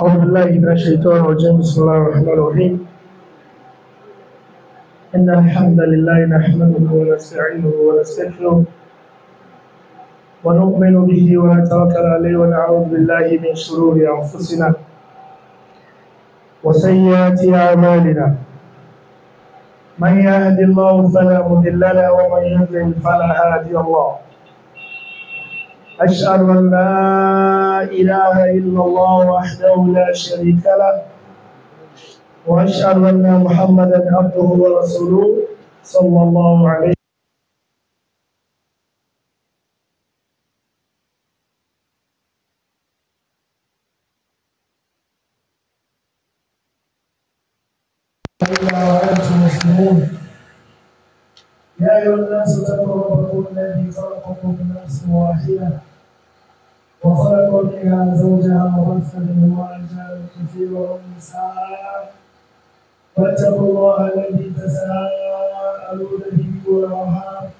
أعوذ بالله من الشيطان الرجيم بسم الله الرحمن الرحيم إن الحمد لله نحمده ونستعينه ونستغفره ونؤمن به ونتوكل عليه ونعوذ بالله من شرور أنفسنا وسيئات أعمالنا من يهد الله فلا مضل له ومن يضلل فلا هادي الله أشهد أن لا إله إلا الله وحده لا شريك له وأشهد أن محمدا عبده ورسوله صلى الله عليه يا أيها الناس اتقوا ربكم الذي خلقكم من نفس واحده وخلق منها زوجها وبث منهما رجالا كثيرا ونساء واتقوا الله الذي تساءلون به والارحام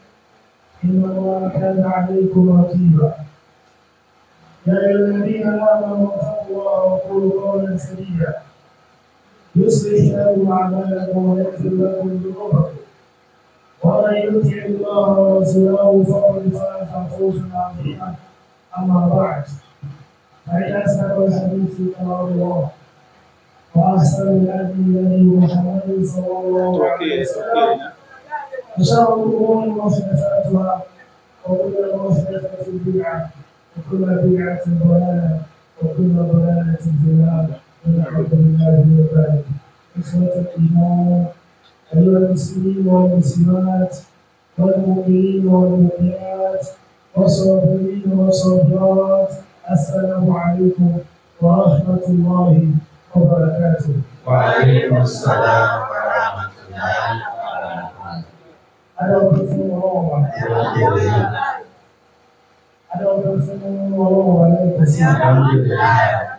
ان الله كان عليكم رقيبا يا ايها الذين امنوا اتقوا الله وقولوا قولا سديدا يصلح لكم اعمالكم ويغفر لكم ذنوبكم ومن يطع الله ورسوله فقد فاز فوزا عظيما أما بعد فإن أسأل الحديث كلام الله وأحسن الهدي هدي محمد صلى الله عليه وسلم وشر الأمور محدثاتها وكل محدثة بدعة وكل بدعة ضلالة وكل ضلالة في النار ونعوذ بالله من ذلك إخوة الإيمان أيها المسلمين والمسلمات والمؤمنين والمؤمنات وصابرين وصابرات السلام عليكم ورحمة الله وبركاته وعليكم السلام ورحمة الله وبركاته أنا أبو وروما أنا أبتسم أنا لا أبتسم الحمد لله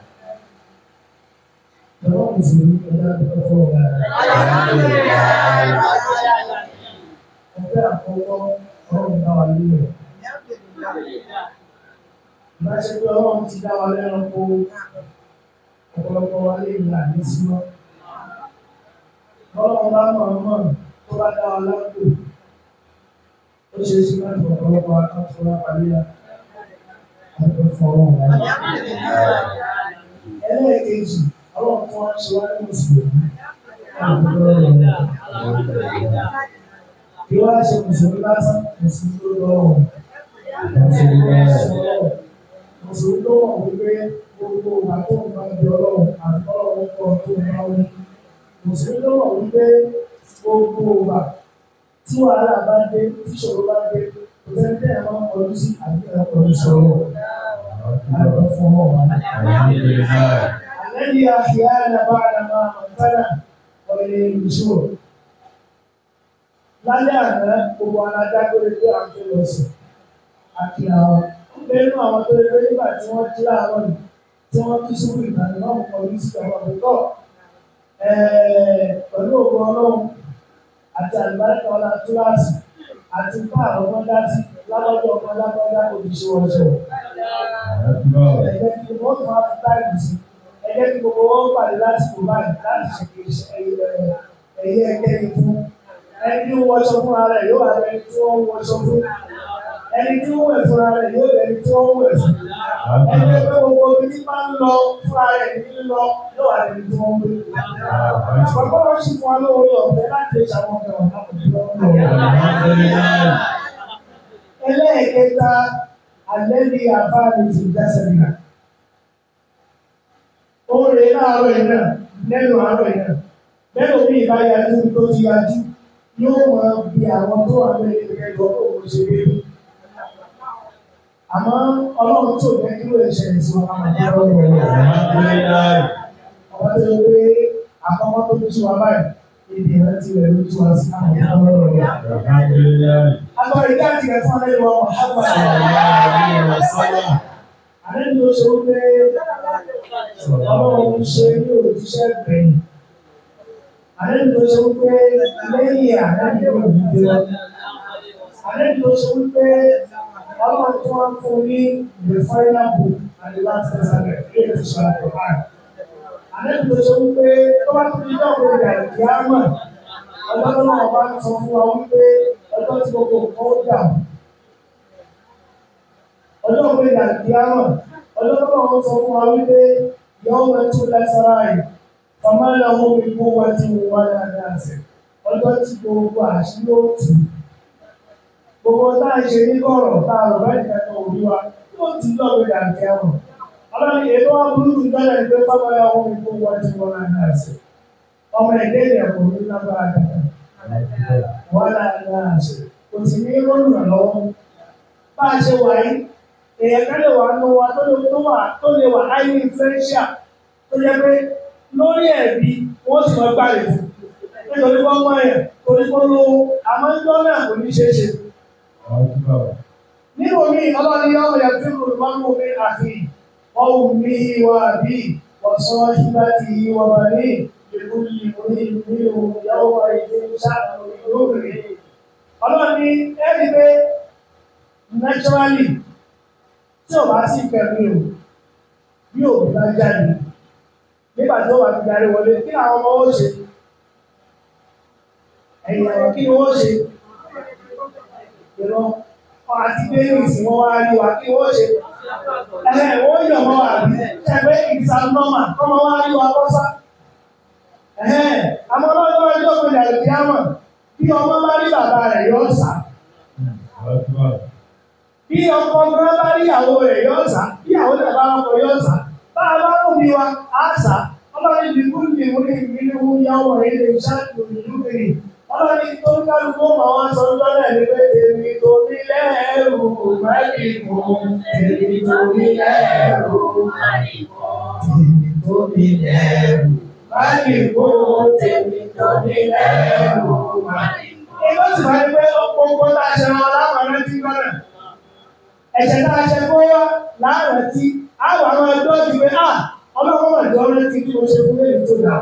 تمام مسلمين لا وبركاته الحمد لله رب العالمين bá ṣe pé ọlọ́run ti dá wa lẹ́ranko ọ̀pọ̀lọpọ̀ wa lè là ní símọ́ ọlọ́run bá mọ̀ mọ̀ tó bá dá wa lápò ó ṣe é ṣe máa tọ̀ ọ̀pọ̀lọpọ̀ akọ́fọ́ lápàdé wa akọ́fọ́ ọ̀hún wa. ẹlẹ́ẹ̀kejì ọlọ́run tó wá ṣe wá ní mùsùlùmí kí wá ṣe mùsùlùmí lásán mùsùlùmí lọ́wọ́. Mùsùlùmí tó wà wípé gbogbo ìgbà tó ń bá ìjọ ọlọ́run àti ọlọ́run kọ̀ tó ń bá wí. Mùsùlùmí tó wà wípé gbogbo ìgbà tí wàhálà bá dé, tí ìṣòro bá dé, kò sẹ́ni tẹ́ ẹ̀ máa ń kọjú sí àbí ẹ̀ kọjú sọ̀rọ̀. Àlọ́ fún ọ wà. Àlẹ́ ni àṣìyá ẹ̀ lábá àdàmà àmọ̀tálà ọ̀rẹ́ ìṣòro. Lálẹ́ àná, gbogbo ara dágbére pé à ń fẹ́ lọ sùn àti àwọn. Nínú àwọn tó lé nígbà tí wọ́n jí láàárọ̀ yìí tí wọ́n kí sórí ìbàdàn náà mú kọjú sí àwọn àbúkọ́. Pẹ̀lú ògo Ọlọ́run àti àlùbáríkà ọlá túláàsì àti bá àwọn ọmọ dásí lábọ́dọ̀ ọmọ lábọ́dá òṣìṣẹ́ ọjọ́. Ẹ̀jẹ̀ kí wọ́n tún á fi báyìí sí. Ẹ̀jẹ̀ kí gbogbo wọn pàdé lásìkò báyìí láti ṣèkè ẹ̀yẹ ẹ̀kẹ́ni fún. Ẹni tí ó wọṣọ fún ara ẹ̀ yóò wà ẹni tí ó wẹ̀ fúnra rẹ̀ yóò ẹni tí ó wẹ̀ fún ẹni pé gbogbo ibi tí máa ń lọ fúnra rẹ̀ ní lọ yóò wà ẹni tí wọ́n gbé. Bàbá wọn sì fún wa lóore ọ̀fẹ́ láti ṣe àwọn ọ̀gá wọn náà Ẹlẹ́ẹ̀kẹta alẹ́ ni àbáàlì ti dáṣẹ́ nìyà. Oore láàárọ̀ yìí náà lẹ́nu àárọ̀ yìí náà lẹ́nu mi ìbáyájú tó ti yájú yóò máa bi àwọn tó wà lórí ìrẹ́jọ àmọ́ ọlọ́run tó bẹ́ẹ̀ kí ló lè ṣẹlẹ̀ sí wọn máa ní àwọn ọmọ rẹ̀ àwọn tó lè wé àkọ́kọ́ tó tún wa báyìí èdè ìrántí rẹ̀ ló tún wa sí àwọn ọmọ rẹ̀. agbára ìdá àti rẹ̀ fún alẹ́ wọn àgbà àlẹ́ mi ò ọlọ́run ṣe ní òjíṣẹ́ gbẹ̀yìn àlẹ́ mi lẹ́yìn àlẹ́ mi ò dìde àlẹ́ mi ò ṣe ń ọlọ́run tó wọ́n fún ní the final book and the last testament ní ètò ìṣẹ̀lẹ̀ Quran. Àlejò tó sọ wípé tó bá ti di dọ́kọ̀ ìyá ìdí àmà ọlọ́run náà bá ń sọ fún wa wípé ọjọ́ tí gbogbo nǹkan ó dà. Ọlọ́run ìyá ìdí àmà ọlọ́run náà sọ fún wa wípé yọ̀ọ́ máa tún lẹ́sọ̀rọ̀ àyè. Fàmáàlà wọn kò kó wá tí mo wá dáadáa sí. Ọjọ́ tí gbogbo àṣírí ó tù í gbogbo tá ṣe ní kọ̀rọ̀ tá a rọ̀ báyìí kẹta òbí wa yóò ti lọ́wọ́ ìyá àti ẹ̀rọ. Ọlọ́run èyí wá burú ti gbọ́dọ̀ ní pé pápá mi kó wọ́n ti wọ́n náà náà Ọmọ ẹ̀dẹ́ yẹn kò ní lágbára kàkà. Wọ́n náà náà sí. Kò sì ní olùrànlọ́wọ́. Bá a ṣe wà yìí, èèyàn kan lè wà nù wa tó lè wà tó lè wà áyé ìfẹ́ṣà tó jẹ́ pé lórí ẹ̀bí wọ́n sì máa gbà lè fún. Nítorí wọ́n wọ́n yẹn, torí wọ́n lówó, àmọ́ ń gbọ́ náà kò ní ṣeé ṣe. Níbo mi ọlọ́ni ọmọ yẹn tí mo máa ń mú mi àfi ọ̀hún mi wá bí ọ̀sán ìgbà tí wọ́n bá ní ìlú ìlú ìlú ìyàwó ìlú sáàtọ̀ ìlú Ọlọ́ni ẹ̀rí pé naturally tí o bá sì pẹ̀lú o yóò bá jáde nígbà tí ó wà ti darí wọlé kí àwọn ọmọ ó ṣe ẹ̀yìn àwọn kí ni wọ́n ṣe ìrọ̀ àti bẹ́ẹ̀ni sì wọ́n wá rí wa kí wọ́n ṣe ẹ̀hẹ́ wọ́n yọ̀ wọ́n wà bí ẹgbẹ́ ìsànọ́mà kọ́mọ wá rí wa lọ́sà ẹ̀hẹ́ àmọ́ lọ́jọ́ ọjọ́ pé ìyàrá ìyá mọ̀ bí ọmọ bá rí bàbá rẹ̀ yọ ọ̀sà bí ọkọ gan bá rí ìyàwó rẹ̀ yọ ọ̀sà bí ìyàwó rẹ̀ bá ọkọ yọ ọ̀sà bá a bá rùn bí wa àṣà ọlọ́run rẹ̀ ilé iṣẹ́ ìdìbò ìdìbò ọlọ́ni tó ń kálukú mọ̀ wọ́n sọ ń tọ́lẹ̀ ní pé èmi tó ní lẹ́rù mẹ́rìnkù èmi tó ní lẹ́rù mẹ́rìnkù èmi tó ní lẹ́rù mẹ́rìnkù èmi tó ní lẹ́rù mẹ́rìnkù. Ìgbà tí wọ́n ti pé ó tá a ṣe wọn láwọn rántí lọ́nà. Ẹ̀ṣẹ̀ tá a ṣe bóyá láwọn rántí, àwọn àwọn ẹgbẹ́ ti pé, "Ah,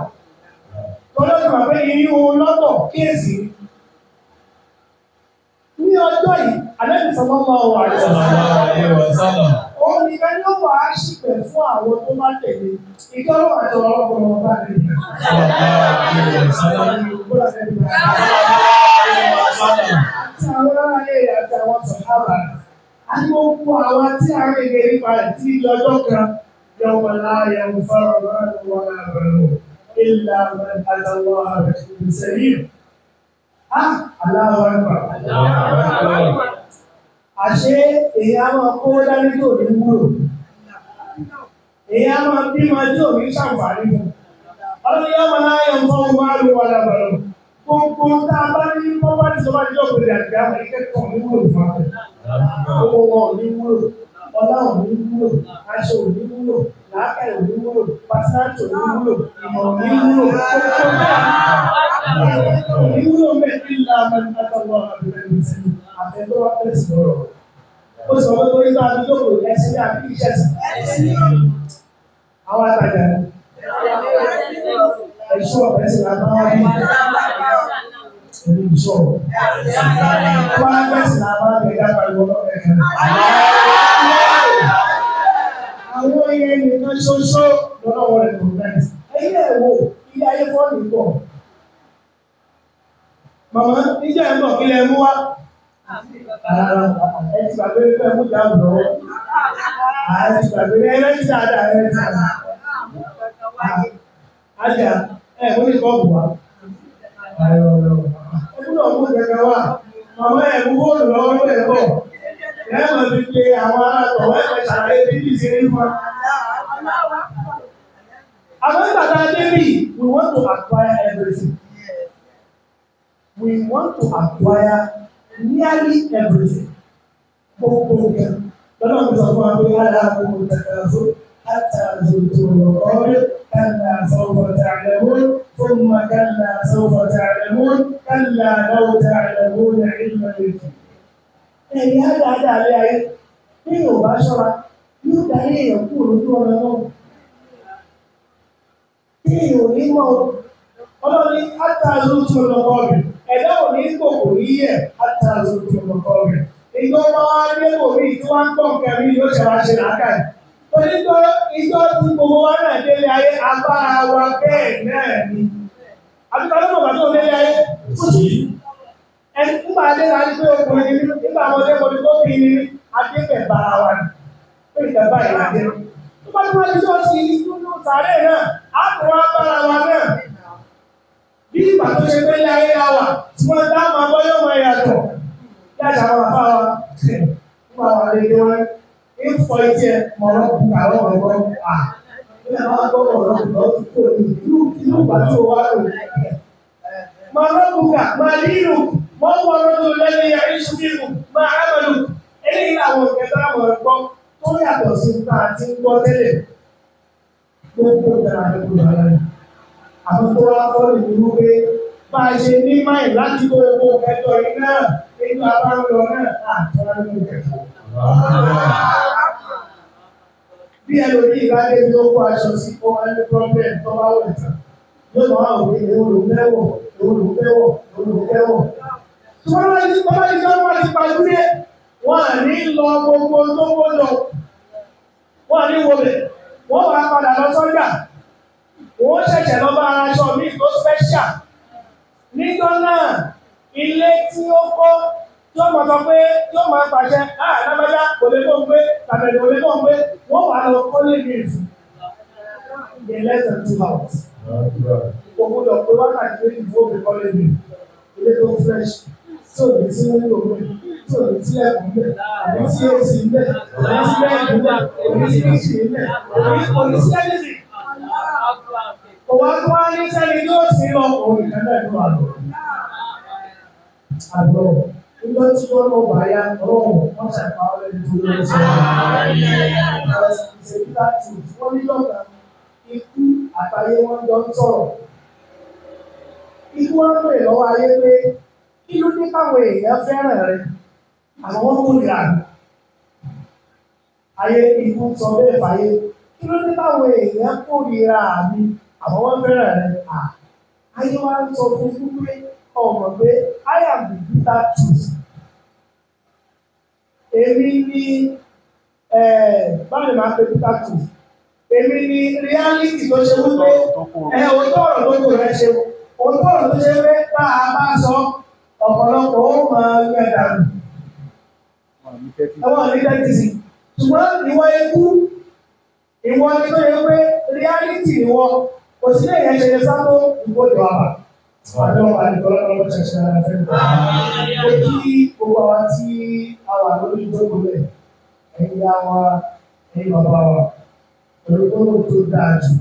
olóṣùwọ̀n pé inú lọ́tọ̀ kíyèsí ní ọjọ́ yìí alẹ́bí sọ mọ́mọ́ ọ̀rọ̀ àìsàn òun ni bẹ́ẹ̀ ló wà á ṣìpẹ̀ fún àwọn tó bá tẹ̀lé ìtọ́rọ̀ àti ọ̀rọ̀ ọ̀rọ̀ bá rí àti gbogbo àwọn tí a rìn nípa ìdí lọ́jọ́ kan yọ̀wọ̀lá yẹ̀wò fọ́rọ̀ lọ́rùn wọn àbẹ̀wò. إلا من أتى الله بقلب سليم ها الله أكبر الله أكبر àṣé èyí á máa kó dání tó ní wúlò èyí á máa bí máa tó ní ṣàǹfààní fún ọlọ́run yóò máa láyọ̀ nǹkan wọn á lò wàlà bàlọ́ gbogbo tá a bá ní pọ́pátì tó bá jẹ́ òkèlè àti àwọn akẹ́kọ̀ọ́ ní wúlò fún akẹ́kọ̀ọ́ owó wọn ní wúlò ọlá ní wúlò aṣọ ní wúlò láàkà ìwúlò pàṣátò ìwúlò ìmọ̀ràn ìwúlò tó tó bẹ́ẹ̀ ìwúlò mẹ́rin ńlá amẹ́nìkàtàwọ̀ àbẹ̀rẹ̀ sí àtẹ̀tọ́ àtẹ̀sí ọ̀rọ̀. ó sọ pé orí bá mi lóko ẹsẹ̀ ní àbí iṣẹ́ sí àwọn àtàjà ẹ̀ṣọ́ ẹ̀sìn àbáwá bí ẹni ìṣọ́ wọ́n á gbẹ̀sìn àbáwá bí ẹ̀dá pariwo àwọn yẹn nìkan ṣoṣo lọ́wọ́ rẹ̀ kò bẹ̀rẹ̀. ẹ̀yin ẹ̀ wò ilé ayé fọ́ọ̀lù pọ̀. màmá níjà ẹ̀ mọ̀ kí lẹ mú wá. ẹ ti gbàgbé pé ẹ mú ìdáhùn lọ́wọ́. ẹ ti gbàgbé ẹ lẹ́yìn tí a dà ẹ ti dà. ajá ẹ mú ìkọ́ bù wá. ẹ kúndọ̀ mú ìkẹ́kẹ́ wá. màmá ẹ̀ mú bóòlù lọ́wọ́ ló ẹ̀ bọ̀ ẹ mọ̀ fi pé àwọn aláàtọ̀wọ́ ẹ̀fẹ̀ ṣàlàyé bíbí sí ní wọn. Àwọn ìgbàdá débì, we want to acquire everything. We want to acquire nearly everything. Gbogbo nǹkan. Lọ́nà mi sọ fún wa pé lára àwọn ìtàkàrà fún àtàzòtò ọ̀rẹ́ kàlà sọ̀rọ̀ tààlẹ̀wọ̀n fún màkàlà sọ̀rọ̀ tààlẹ̀wọ̀n kàlà lọ́wọ́ tààlẹ̀wọ̀n ní ìmọ̀ ìtàn ẹ̀yìn àdáadáa lé ayé bí yóò bá ṣọ́ra yóò darí èèyàn kúrò lójú ọ̀nà náà tí èèyàn ò ní mọ̀ ọlọ́ni átàzó tí ó lọ́kọ́ rẹ̀ ẹ̀dá ò ní kò kò ní yẹ átàzó tí ó lọ́kọ́ rẹ̀ ìgbọ́ bá wá lébò rí tí wọ́n ń tàn kẹrí yóò ṣe wá ṣe làákàyè onígbọ́ ìjọ tí gbogbo wa náà délé ayé agbára wa bẹ́ẹ̀ náà ni àbíkọ́ ẹni nígbà dé la ń gbé obìnrin ní nígbà ọmọdé mo ní kó bí ní adébẹ̀ bàrà wa ní pé ìjọba ìlà dé. tó bá tó wá ní sọ́ọ̀sì nínú sàárè náà á kó wá bára wa náà. bí ìgbà tó ṣe pé ilé ayé la wà tí wọ́n dá máa bọ́ yóò máa yàtọ̀ yàtọ̀ àwọn àfa wa nígbà wà lè dé wọn ní fọ etí ẹ mọ̀rọ̀ kúkà lọ́wọ́ ẹ̀rọ à nígbà wọn gbọ́ tó wà lò. mọ̀rọ̀ kúkà màlílù wọ́n wọ lọ́dún lẹ́nu yẹrí ṣubírù máa ámàlù eléyìí làwọn ìkẹta àwọn ẹ̀gbọ́ tó yàtọ̀ sí ta àti gbọ́ tẹ́lẹ̀ gbogbo dára ẹ̀kú dára rẹ̀ àkókò wa fọ́ nìlú pé bá a ṣe ní máì láti gbogbo ẹ̀tọ́ yìí náà nínú abáńlọ náà àtọ́lá ní ìkẹta. bí ẹlòmíì bá dé tó kó aṣọ sí kó wá ní pọ́ńpẹ́ tó bá wẹ̀ tán yóò máa wò pé èwo ló fẹ́ wọ̀ èwo ló fẹ́ wọ̀ èwo ló fẹ́ wọ̀ tọ́lá ti tọ́lá ti tọ́lá ti gbàdúrẹ́ wọ́n à ní lọ gbogbo tó gbọ́dọ̀ wọ́n à ní wọlé wọ́n wà padà lọ sọ́jà wọ́n ṣẹ̀ṣẹ̀ lọ bá ara aṣọ mi tó spẹ́ṣà nígbà náà ilé tí ó kọ́ tí wọ́n sọ pé tí wọ́n máa pàṣẹ àlábájá ah, kò lè tó ń gbé tàbẹ̀lẹ̀ kò lè tó ń gbé wọ́n wà lọ kọ́lé gẹ̀ẹ́sì in less than two hours. Ògùdọ̀ pé wákàtí méjì fún òbí ilé tó fresh tí ò ní sí nínú òun tí ò ní sí ẹ̀kún bẹ̀ òní sí èsì bẹ̀ òní sí ẹ̀kún bẹ̀ òní sí kìsì bẹ̀ òní sí ẹ̀lẹ́sì. Òwò àgbọ̀ wa ní sẹ́ni tó sì lọ òun ìkan náà ló wà lọ. Àgbọ̀ nígbà tí wọ́n lọ wà ya ọlọ́run wọ́n ṣàpá ọlẹ́ni tó lọ sí ọ̀rọ̀ ìṣèlú láti wọ́n ní lọ́gbà ikú àtàyé wọn jọ ń sọ̀rọ̀. Ikú wọn pè lọ́wọ́ ayé pé kí ló dé káwọn èèyàn fẹ́ràn rẹ àwọn wọn kò yà ayé ikú sọ bẹ́ẹ̀ fàyè kí ló dé káwọn èèyàn kò yà mí àwọn wọn fẹ́ràn rẹ à ayé wa ń sọ fún fún pé ọmọ pé I am the bitter truth èmi ní báyìí máa ń pe bitter truth èmi ní reality tó ṣe wípé ẹ òótọ́ ọ̀rọ̀ tó rẹ ṣe òótọ́ ọ̀rọ̀ tó ṣe pé tá a bá sọ ọ̀pọ̀lọpọ̀ ó máa yẹ dànù. Àwọn àníkẹ́ ti sì. Ṣùgbọ́n ìwọ ikú, ìwọ ni tó yẹ pé reality ìwọ, kò sí èèyàn ṣe lè sábó ìwọ ìwọ àbá. Àjọ àdìgbọ́lá lọ́wọ́ ṣẹ̀ṣẹ̀ ara fẹ́ lọ. Ó kí gbogbo àwa tí a wà lórí ìjókòó rẹ̀, ẹ̀yin ya wa, ẹ̀yin bàbá wa, pẹ̀lú tó dáa jù,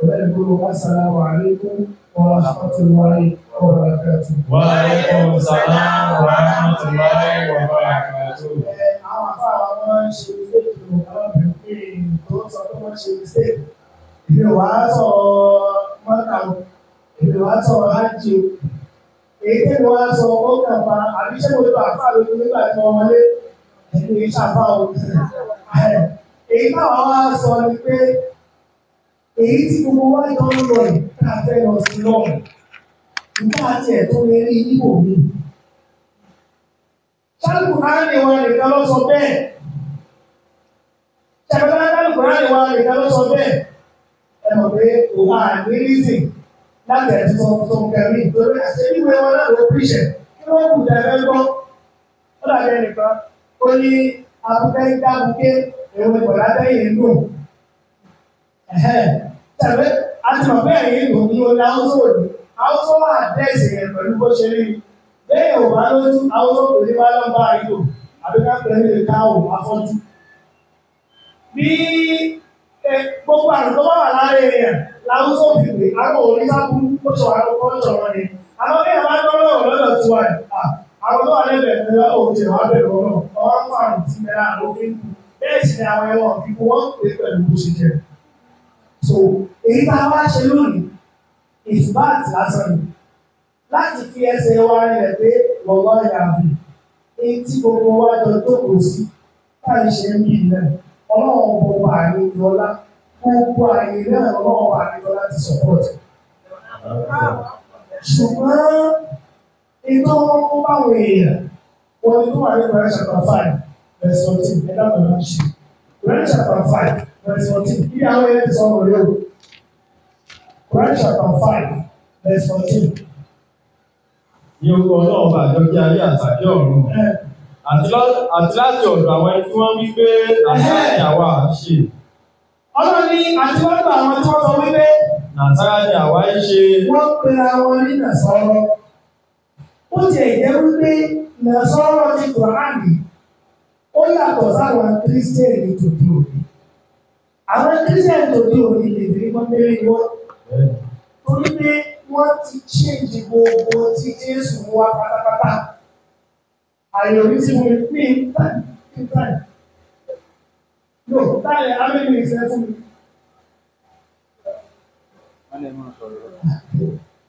ọ̀rẹ́ ìgbólóhùn wa sàlámù aláìkùm. ورحمة الله وبركاته وعليكم السلام ورحمة الله وبركاته àwọn afárá wọn ń ṣe mistake ọ̀gá bìnrin tó sọ pé wọ́n ṣe mistake èmi wà á sọ mọ́tà o èmi wà á sọ ájì o èyí tí mo wá sọ ó kàn fa àbí ṣé mo bá àfáà lójú nígbà tí wọ́n wọlé èmi ìṣàfà o èyí táwọn wá sọ ni pé èyí tí gbogbo wa jọ ń lọ yìí ká fẹ́ lọ sí lọ́wọ́ nígbà tí ẹ̀ tó lè rí níbò mi. sálùkù náà ni wọn nìkan lọ sọ bẹ́ẹ̀ ṣàkàtà sálùkù náà ni wọn nìkan lọ sọ bẹ́ẹ̀ ẹ mọ̀ pé òun àní rízìn láti ẹ̀ tó tó kẹrin ìtòrí àti ìwé wọn náà ló pìṣẹ̀ kí wọ́n kù dẹ̀ fẹ́ gbọ́. ó dàbí ẹnìkan ó ní abúlé dábùké èrò ìgbàlá tẹ̀lé àti bàbá ẹ̀yìn ìlú ní orí haúsó òní haúsó wà dẹ́sì yẹn pẹ̀lú bó ṣe rí lẹ́yìn òbá lójú haúsó kò ní wá lọ́ba ìlú àbíkápẹ́ ní káwọ̀ afọ́jú. bí gbogbo àrùn tó bá wà lára èèyàn láwùsọ fìwé àwọn oníṣàkú ó sọ àwọn kọ́ńtọ̀ wọn ni àwọn bí àwọn akọ́lọ́ ọ̀lọ́dọ̀ tí wà ní àwọn tó wà lẹ́bẹ̀ ẹ̀rọ òjò wà bẹ̀rẹ̀ ọ̀rọ̀ ọ̀rọ̀ fún àrùn tí mẹ́ra àrùn fi bẹ́ẹ̀ sì ni àwọn ẹ̀wọ̀n kíkú wọ́n pè pẹ̀lú bó ṣe jẹ́ so èyí tá a wá ṣe lónìí ìsìbáàtì lásán ni láti fi ẹsẹ̀ wa rẹ̀ pé lọ́wọ́ ìyàbí èyí tí gbogbo wa jọ jókòó sí káyì ṣe ń bí ilẹ̀ ọlọ́run gbogbo àyè ìjọlá gbogbo àyè náà ọlọ́run àyè ìjọlá ti sọ̀pọ̀tì. ṣùgbọ́n ètò ọkọ̀ báwọn èèyàn wọ́n ní tó wà ní Quran chapter five verse fourteen ẹ̀dá mọ̀ náà ṣe Quran chapter five verse fourteen bí àwọn ẹ̀yẹ́ ti sọ ọ̀rọ̀ yẹn o Quran chapter five verse fourteen. ní orúkọ ọlọ́run bá àjọkí ayé àtàkì ọ̀run àti láti ọ̀dọ̀ àwọn ẹni tí wọ́n wí pé àtàkì àwa àṣe. ọlọ́run ní àti lọ́dọ̀ àwọn tí wọ́n sọ wípé. nàtàrà ni àwa ń ṣe. wọ́n pe àwọn ní nàṣọ́rọ́. ó tiẹ̀ jẹ́ wípé nàṣọ́rọ́ ti Quran ó yàtọ̀ sáwọn kírísítẹ́nì tòdúró àwọn kírísítẹ̀n tó ní òní lè fi wọ́n lérí wọ́n torí pé wọ́n ti ṣéǹjì gbogbo tí Jésù mú wá pátápátá àyọ̀rí tí mo pè é báyìí báyìí lò táyà ámẹ́rin ìfẹ́ fún mi.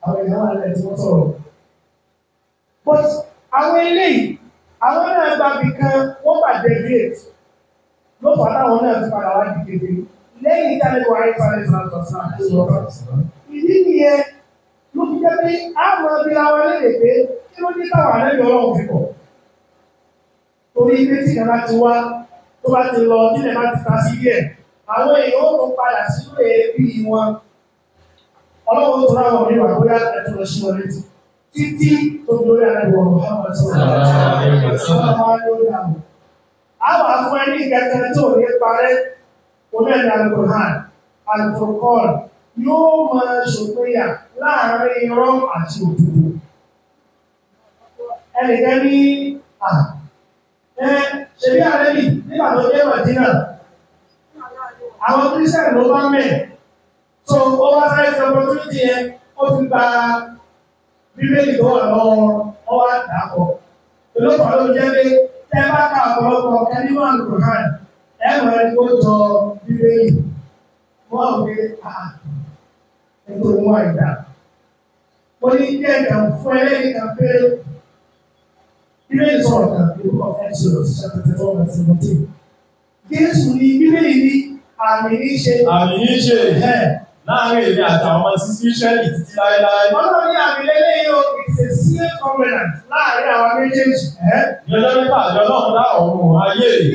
àwọn èèyàn wà lẹ́yìn tí wọ́n sọ̀rọ̀ but àwọn eléyìí àwọn náà gbàgbé kan wọ́n bàjẹ́ gate ló fà táwọn náà ti padà wá di kéde lẹ́yìn ìdánilẹ́wọ̀ ayélujára ìsàlọ̀ sàn ìdí nìyẹn ló fi jẹ́ pé àwọn ẹbí àwọn ẹlẹ́dẹ̀ pé kí ló dé táwọn àlẹ́ yọ ọlọ́run fi kọ̀ torí ilé tí ìyàrá ti wá tó bá ti lọ nílẹ̀ bá ti ta sí díẹ̀ àwọn èèyàn ó tún padà sínú èébì wọn ọlọ́run tó láwọn mi wà bóyá ẹ̀tọ́ lọ sí wọn létí títí tó dórí àlẹ́ wọn ọ̀hún ọ̀hún ọ̀hún ọ̀hún ọ̀hún ọ̀hún ọ̀hún ọ̀hún ọ̀hún ọ̀hún àwọn afọ ẹni gẹ́gẹ́ tó ní parẹ́ onílẹ̀ alukohan alufokọ́ọ̀n yóò máa ṣòpéyà láàárín irọ́ àti òdodo ẹnìkan ní à ẹ ṣèlú àrẹ́bì nígbà tó dé Màdínà àwọn kírísítẹ̀nì ló bá mẹ́ So, ó wá sáré fi ọpọtúnìtì yẹn ó fi gba bíbélì tó wà lọ́wọ́ ọwọ́ àdàkọ olóòpàá ló jẹ́ pé tẹ́ bá ka ọ̀pọ̀lọpọ̀ ọ̀kẹ́ nínú àlùkò hàn ẹ mọ̀ ẹ́ kó jọ bíbélì wọ́n á wí à ẹgbẹ́ òun àìdá. Mo ní kí ẹ̀dá fún ẹlẹ́yìn kan pé bíbélì sọ̀rọ̀ kan ní orúkọ Exodus chapter thirty one verse seventeen. Jésù ní bíbélì ní àmì ní ṣe. Àmì ní ṣe láàárín èmi àtàwọn ọmọ sísí Ísírẹ́lì títí láéláé. Wọ́n lọ ní àmì lélẹ́yìn same covenant láàrin àwa méjèèjì. Ní mẹ́fà ni Ọlọ́run dá ọ̀run ayé. Ní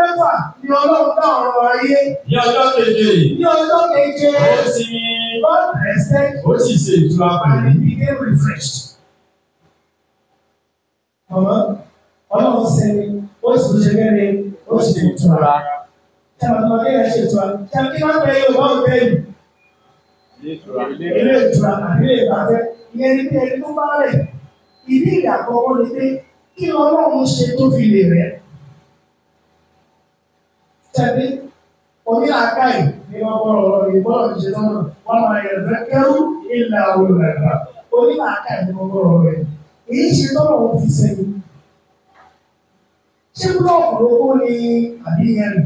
mẹ́fà ni Ọlọ́run dá ọ̀run ayé. Ní keje. Ní keje. Ó ti God rested. Ó sì ṣe ìtura pẹ̀lú. And he became refreshed. Ọ̀mọ́ Ọlọ́run sẹ́ni ó sì ṣe mẹ́rin ó sì ṣe ìtura. Ṣé àwọn ọmọdé yẹn ṣe ìtura? Ṣé kí wọ́n bẹ yóò wọ́n bẹ yìí? Ilé ìtura àbí ìbàfẹ́ ìyẹn ní ẹni tó bá rẹ̀ ìbéèrè àkọ́kọ́ ni pé kí ọlọ́run ṣe tó fi lè rẹ̀ tẹ̀lé onílàáká yìí ni wọ́n gbọ́rọ̀ lọ ní gbọ́rọ̀ ní ṣe lọ́nà wọ́n máa yẹ fẹ́ kẹ́rù ìlà olùrẹ̀gbà onílàáká yìí ni wọ́n gbọ́rọ̀ rẹ̀ èyí ṣe tọ́lọ̀ wọn fi sẹ́yìn ṣé búlọ̀kù lóko ni àbí yẹn nì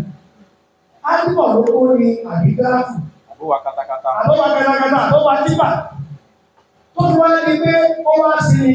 ádùbọ̀ lóko ni àbí gáàfù àbówà katakata àbówà katakata àbówà tíbà tó fi wáyé ni pé ó wá sí ni.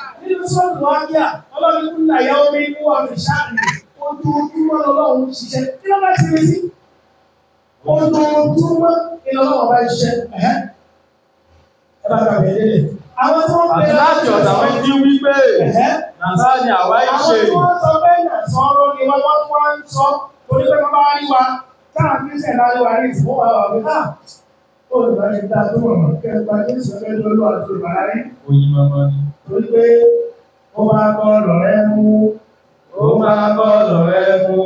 ní sọ́ọ̀tù wájà ọlọ́run kún láyà omi inú ọ̀rẹ́ sáàmì ojoojúmọ́ lọ́lọ́run ṣiṣẹ́ kí ló bá ti rí sí ojoojúmọ́ kí lọ́lọ́run bá ṣiṣẹ́ ẹ bá tàbí ẹ lélẹ̀. àwọn tó ń bẹ láti ọ̀dà wọn ti wí pé nàṣà ni àwa ń ṣe. àwọn tó ń sọ pé nàṣà ọ̀rọ̀ ni wọ́n wá wá ń sọ orí pé wọ́n bá rí wa táà fi ṣẹ̀ láyé wa rí ìsìnkú wa wà wípé náà olùbáṣepọ̀ àti wọn kẹ́ẹ̀ẹ́dẹ́gbẹ̀rún sọ̀rọ̀ ẹ̀dọ́ olúwa tó bàárẹ̀. oyin máa máa ní torí pé ó máa bọ́ ọ̀rọ̀ rẹ mú ó máa bọ́ ọ̀rọ̀ rẹ mú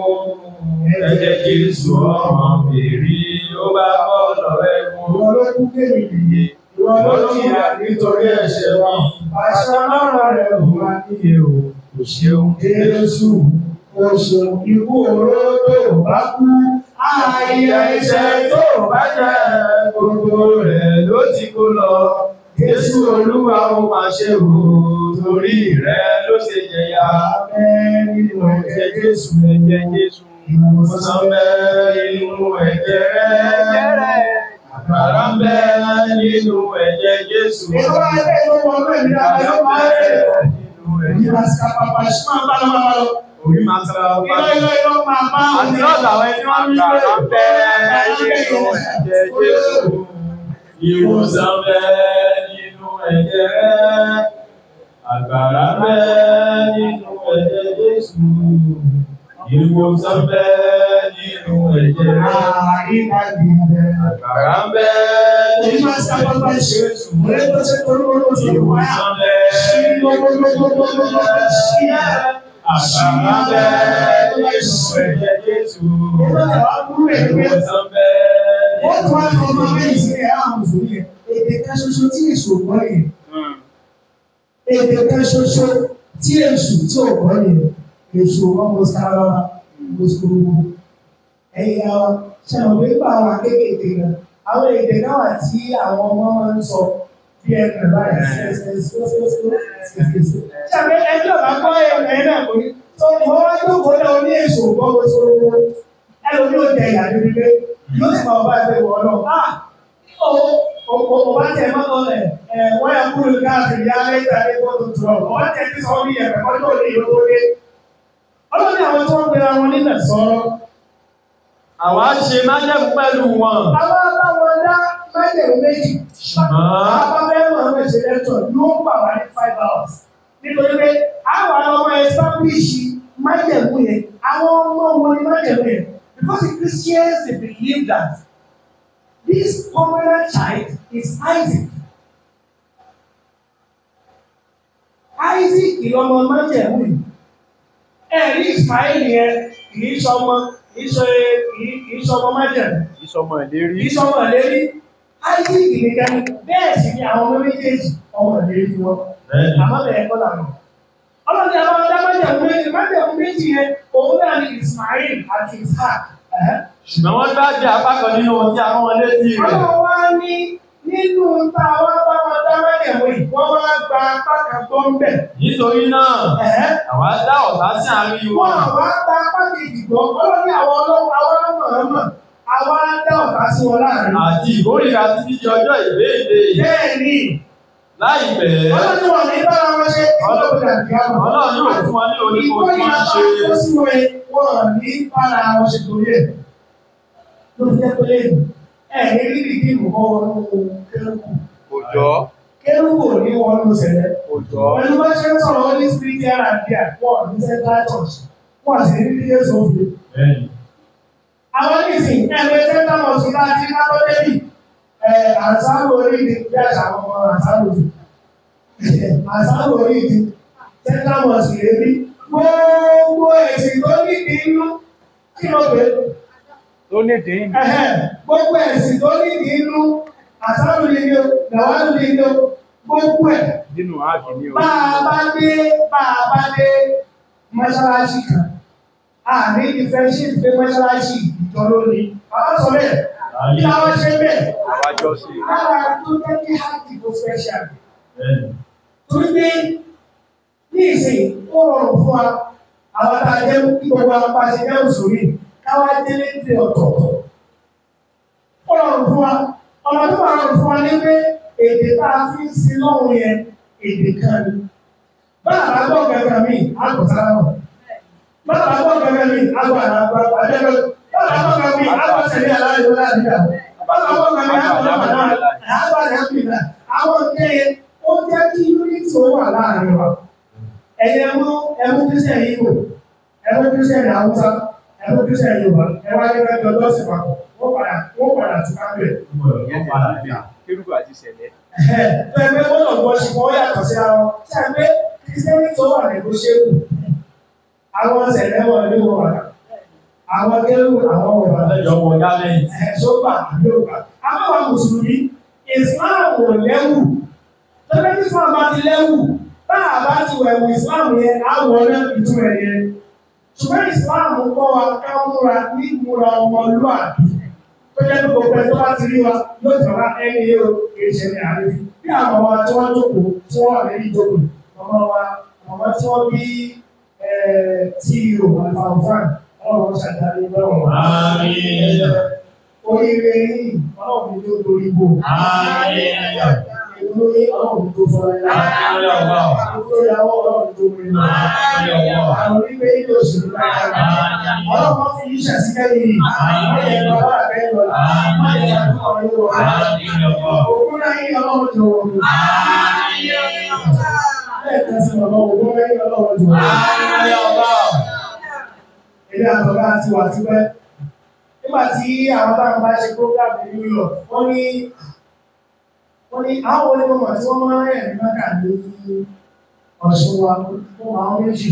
ẹ̀jẹ̀ Jésù ọmọ bèrí ó máa bọ́ ọ̀rọ̀ rẹ mú. ìwọ ló kú kéwì nìyí ìwọ ló jìyà nítorí ẹ̀ṣẹ̀ wọn àṣà ọlọ́run rẹ̀ ò wá níye o kò ṣeun Jésù kò ṣeun ikú oró tó bá kú ààyè iṣẹ́ tó bá jẹ́ gbogbo rẹ̀ ló ti kó lọ. Jésù Olúwa ó máa ṣe wò torí rẹ ló ṣe jẹyà nínú ẹ̀jẹ̀ Jésù ẹ̀jẹ̀ Jésù ìwòsàn bẹ nínú ẹ̀jẹ̀ rẹ àgbàrá ń bẹ nínú ẹ̀jẹ̀ Jésù ìwà ẹgbẹ́ ìwọ̀n ọmọ mi ni àwọn ọmọ rẹ nínú ẹ̀jẹ̀ Jésù pàpà ṣì máa bá lọ́wọ́ bá lọ. Orí máa sara ọba. Ilé ilé ló máa bá. Àti lọ́dà àwọn ẹni wọ́n ń gbé. nínú ẹ̀jẹ̀ Jésù ìwòsàn bẹ́ẹ̀ nínú ẹ̀jẹ̀ rẹ̀ agbára bẹ́ẹ̀ nínú ẹ̀jẹ̀ Jésù ìwòsàn bẹ́ẹ̀ nínú ẹ̀jẹ̀ rẹ̀ agbára bẹ́ẹ̀ nínú ẹ̀jẹ̀ Jésù ìwòsàn bẹ́ẹ̀ nínú ẹ̀jẹ̀ rẹ̀ àṣàmà bẹ́ẹ̀ Jésù ẹ̀jẹ̀ Jésù ọdún èwe ọ̀sán bẹ́ẹ̀. wọ́n tún wá fún ọmọ bẹ́ẹ̀ sí ẹ̀ àwọn mùsùlùmí ẹ̀ èdè kan ṣoṣo tí èṣù ò gbọ́ yẹn èdè kan ṣoṣo tí èṣù tí ò gbọ́ yẹn èṣù ọmọ sára mùsùlùmí ẹ̀yà ṣàmùlẹ́gbà àwọn akékèké náà àwọn èdè náà àti àwọn ọmọ máa ń sọ bí ẹnu báyìí sí ẹsẹ̀ sósósó sí ẹsẹ̀ só. Ṣàbẹ̀ ẹjọ́ bá gbọ́ ẹ̀mẹ́ náà kò ní. Tó ní wọ́n wá jókòó náà ó ní èso gbọ́ bó so owó. Ẹlòmí ò tẹ̀yà nínú ilé. Yóò sì máa bá ẹgbẹ́ wọ̀ náà. Ó o bá tẹ̀ mọ́ ọ ẹ̀ ẹ̀ wọ́n yà kúrò káàkiri alẹ́ ìtàgé fọ́tò tó ọ̀. Wọ́n tẹ̀ sí sọ́ọ́ bí ẹ̀fẹ̀ kọ́ tó lè yọ̀wọ́ dé. Ọlọ́ni àwọn tó ń gbéra wọn nílẹ̀ sọ̀rọ̀. Àwọn á ṣe májẹ̀mú pẹ̀lú wọn. Àwọn we make. májèlé méjì abáfẹ́mọ̀ àwọn ìṣẹ̀lẹ̀tọ̀ yóò gbà wá ní five hours nítorí pé àwọn àwọn ọmọ establish májèlé yẹn àwọn ọmọ wọn ni májèlé yẹn because the Christians they believe that this covenant child is Isaac. Isaac ìlọmọ májèlé yìí ẹ̀rí Ismail yẹn kì í sọmọ kì í sọ ọmọ májèlé kì í sọmọ ìlérí kì í sọmọ ìlérí isaac nìkan bẹ́ẹ̀ sì ni àwọn ọmọ méjèèjì ọmọ ìlérí fún wọn àmọ́ bẹ́ẹ̀ kọ́ làwọn. ọlọ́run ní àwọn ọ̀dá májàmú méjì májàmú méjì yẹn òun náà ni ismail àti isaac. ṣùgbọ́n wọ́n bá jẹ́ apákan nínú ohun tí àwọn wọn létí rẹ̀. ọlọ́run wá ní nínú ta wá bá wọn dá májàmú yìí wọ́n wá gba apákan tó ń bẹ̀. nítorí náà àwa dá ọ̀tá sí àárín wọn. wọn àwa gba apá kejì gbọ́ àwọn ọlọ́run àwọn ọlọ́run àwa ń dá ọ̀tá sí wọn láàrin. àti ìkórìíra títí di ọjọ́ ìbéèrè. bẹ́ẹ̀ni. láìpẹ́. ọlọ́run wà ní bára wọn ṣe ọlọ́run àgbà. ọlọ́run yóò fún wa ní onímọ̀ tí wọ́n ṣe. ìkórìíra tó sí wọn wọ́n ní bára wọn ṣe torí ẹ̀. ló fi jẹ́ pé ẹ̀rí rírì kí ìrùkọ́ wọnú kérúkù. òjò. kérúkù ní wọnú sẹ̀lẹ̀. òjò. pẹ̀lú bá ṣe ń sọ̀rọ̀ holy spirit àwọn nìsín ẹgbẹ́ sẹ́ńtà mọ̀sí láti kátó débì ẹ̀ àṣàlù orí ìdí bí àṣà àwọn ọmọ àṣàlù orí àṣàlù orí ìdí sẹ́ńtà mọ̀sí lébi gbogbo ẹ̀sìn tó nídìí inú kí ló dé. tó nídìí inú. gbogbo ẹ̀sìn tó nídìí inú àṣàlù yìí ló làwọn lè lò gbogbo ẹ̀. nínú ààbò ni o. bá a bá dé bá a bá dé mọ́ṣáláṣí kan àní ìfẹ́ ṣì ń gbé mọ́ṣáláṣí yìí àwùjọ lónìí bàbá sọ bẹ́ẹ̀ kí la wá ṣe bẹ́ẹ̀ lára tó jẹ́ kí hajj kò fẹ́ ṣe àgbẹ̀ torí pé ní ìsìn ó rọrùn fún wa àwọn tá a jẹ́ kí gbogbo apá ṣe jẹ́ òṣòrí káwá délé ti ọ̀tọ̀ọ̀tọ̀ ó rọrùn fún wa ọ̀nà tó wà rọrùn fún wa ní pé èdè tá a fi ń sin lọ́hùn yẹn èdè kan ni báà bá gbọ́ gẹ́gẹ́ mi àgùntàn náà báà bá gbọ́ gẹ́gẹ́ mi àgùntàn náà Àwọn kẹ́yẹ ó jẹ́ kí unity ó wà láàrin wa. Ẹ̀yẹ mú ẹmú kírísẹ̀ yìí wò, ẹmú kírísẹ̀ ní Hausa, ẹmú kírísẹ̀ yìí wà, ẹwà ní ẹgbẹ́ ọlọ́sìn papọ̀, ó padà ó padà tún ká bẹ̀rẹ̀. Ó padà bí i kérúkú àti ìṣẹ̀lẹ̀. Ẹgbẹ́ mọ́nà gbọ́n ṣe wọ́n yàtọ̀ sí ara wọn. Ṣé ẹgbẹ́ kírísẹ̀ tó wà ní ìlú ṣéwù? Àwọn ọ̀sẹ̀ lẹ́wọ̀n ní wọn wà àwọn kẹ́rù àwọn ọ̀rọ̀ àlẹ́jọ́ wọ̀ yálẹ̀ ẹ̀ṣọ́gbà àbí ògbà. Abẹ́wà Mùsùlùmí, Ìsìláàmù ò lẹ́wù. Tẹ́lẹ̀ tí Islam bá ti lẹ́wù, bá a bá ti wẹ̀wù Ìsìláàmù yẹn, á wọ̀ ọ́nà ìtú ẹ̀ yẹn. Ṣùgbọ́n Ìsìláàmù kọ́ wa ká múra ní ìmúra ọmọlúwàbí. Tó jẹ́ pé gbogbo ẹni tó bá ti rí wa yóò jọba ẹni yóò kìí ṣe ní àlejò. Bí àwọn ọmọ tí wọ́n ọlọ́run ṣàdáyé bẹ́rùn wá. Oríire yìí, ọlọ́run tó torí bò. Olóyè ọlọ́run tó fọlá. Olóyè ọlọ́run tó mìíràn. Àwọn oríire yìí ló sì ń bá a. Ọlọ́run fi yí ṣàṣìkẹ́lì yìí. Àwọn ẹ̀rọ ọlọ́run tó wọ̀ mí. Bẹ́ẹ̀ ni a ti òkú náà yí ọlọ́run tó wọ̀ mí ilé àtọ́gbá àti wà tí pẹ́. Nígbà tí àwọn táwọn bá ṣe program ní New York, wọ́n ní àwọn onímọ̀ tí wọ́n máa rẹ̀ ní Mákà ní ọ̀ṣun fún àwọn méjì.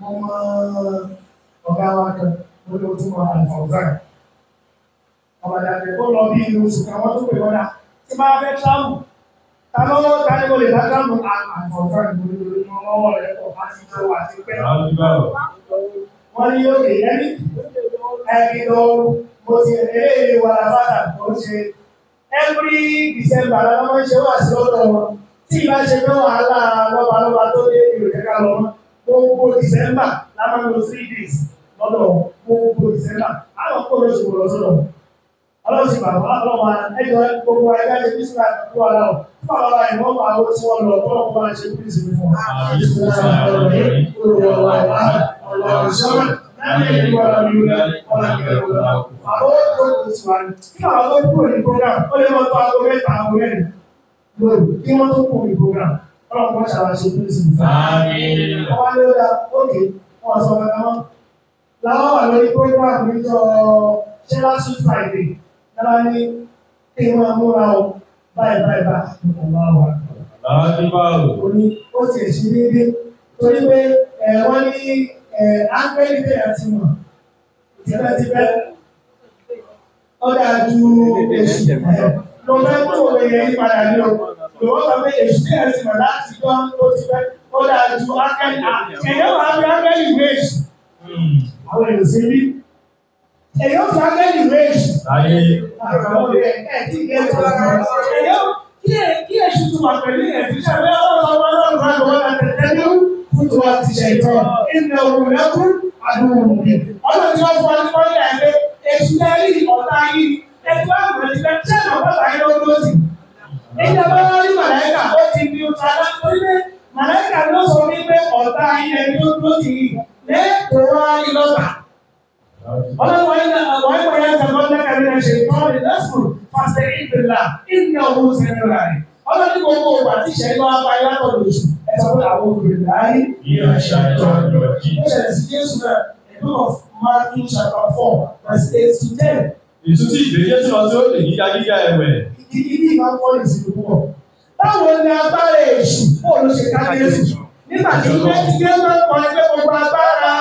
Wọ́n mọ ọ̀gá wa kan lórí ojú wa àlùfọ̀ọ́gbà. Ọ̀bàdàbẹ̀ lè bá travel àlùfọ̀ọ́gbà ìgbòho lórí ọmọ rẹ̀ pọ̀ láti jẹ́ wà sí pẹ́ wọ́n ní yóò lè yẹ́rí ẹni lọ mo ti eléyìí wà lábàtà tó ń ṣe every December la wọ́n ṣe wà sí lọ́dọ̀ wọn tí ìbá ṣe pé wàhálà lọ́balọ́ba tó dé ìlú ìjẹ́ká lọ mọ́ gbogbo December la máa ń lo three days lọ́dọ̀ gbogbo December àwọn kò lè ṣòwò lọ́sọ̀rọ̀ ọlọ́run sì bàbá ọlọ́wà ẹjọ́ gbogbo ẹgbẹ́ ṣe bí sílá ìlú wa lọ fún àwọn ìwọ́n pa owó tí wọ́n lọ tọ́lọ́kọ́ bá ṣe bí ìsinmi fún wa. ورسوله ọlọ́run kan ṣàlàyé tó sì ń sá. ọwọ́ ló dá òkè wọn sọ ọ̀gá wọn làwọn wà lórí program níjọ ṣẹlásù friday lára ní kí wọ́n múra o báyìí báyìí bá ọ̀gá wa. láti bá a lò. ó ní ó ti ṣe déédéé torí pé ẹ̀ wọ́n ní ángẹ́lì tẹ̀yà ti mọ̀ tipẹ́tipẹ́ ọ̀dà ju èsì ló fẹ́ tó òwe yẹn padà ní o lọ́wọ́ sọ pé èsì tẹ̀yà ti mọ̀ láti gbọ́ tó ti fẹ́ ọ̀dà ju ángẹ́lì ẹ̀yẹ́ wà á fi ángẹ́lì wé èsì àwọn èèyàn sí bí èèyàn fi ángẹ́lì wé èsì kí èsì tún wà pẹ̀lú èsì sẹ́wẹ́ ọ̀rọ̀ ọ̀rọ̀ ọ̀rọ̀ ọ̀rọ̀ ọ̀rọ̀ ọ̀rọ̀ kútu wa ti ṣe ìtọ́ ìnà òwúlẹ́kùn àdúgbò mi. ọ̀nà tí wọ́n fún wa ní pọ́lí àìpé èsù lẹ́rí ọ̀tá yìí ẹ̀sùn àgbọ̀n ti fẹ́ ṣé àwọn bàbá yẹn ló ló sì. ìjà bá wá rí màláìkà ó ti di ọ̀tá látorí pé màláìkà ló sọ mí pé ọ̀tá yìí ẹni ló ló sì yìí lẹ́ẹ̀kọ́ wá rí lọ́tà. ọlọ́wọ́ ẹ̀yà ìjàmbá lẹ́kàlẹ́ ṣe ìtọ́ni lẹ́sùn fàṣẹ ìgbìlá ìgbìyànjú sẹ́ni ẹ sọ pé àwọn obìnrin láàyè. yíyá ṣàjọ lọ jí. ó ṣẹlẹ̀ sí Jésù náà in book of Matthew chapter four verse eight to ten. ìtútù ìgbésẹ̀ tí wọ́n ti ó lè yíyá yíyá ẹ̀wẹ̀. ìdílé máa ń wọ́n ìsìn púpọ̀. báwo ni agbára èṣù bó ló ṣe ká Jésù? nígbà tí ilé ti dé máa ń pọn ẹgbẹ́ gbogbo agbára.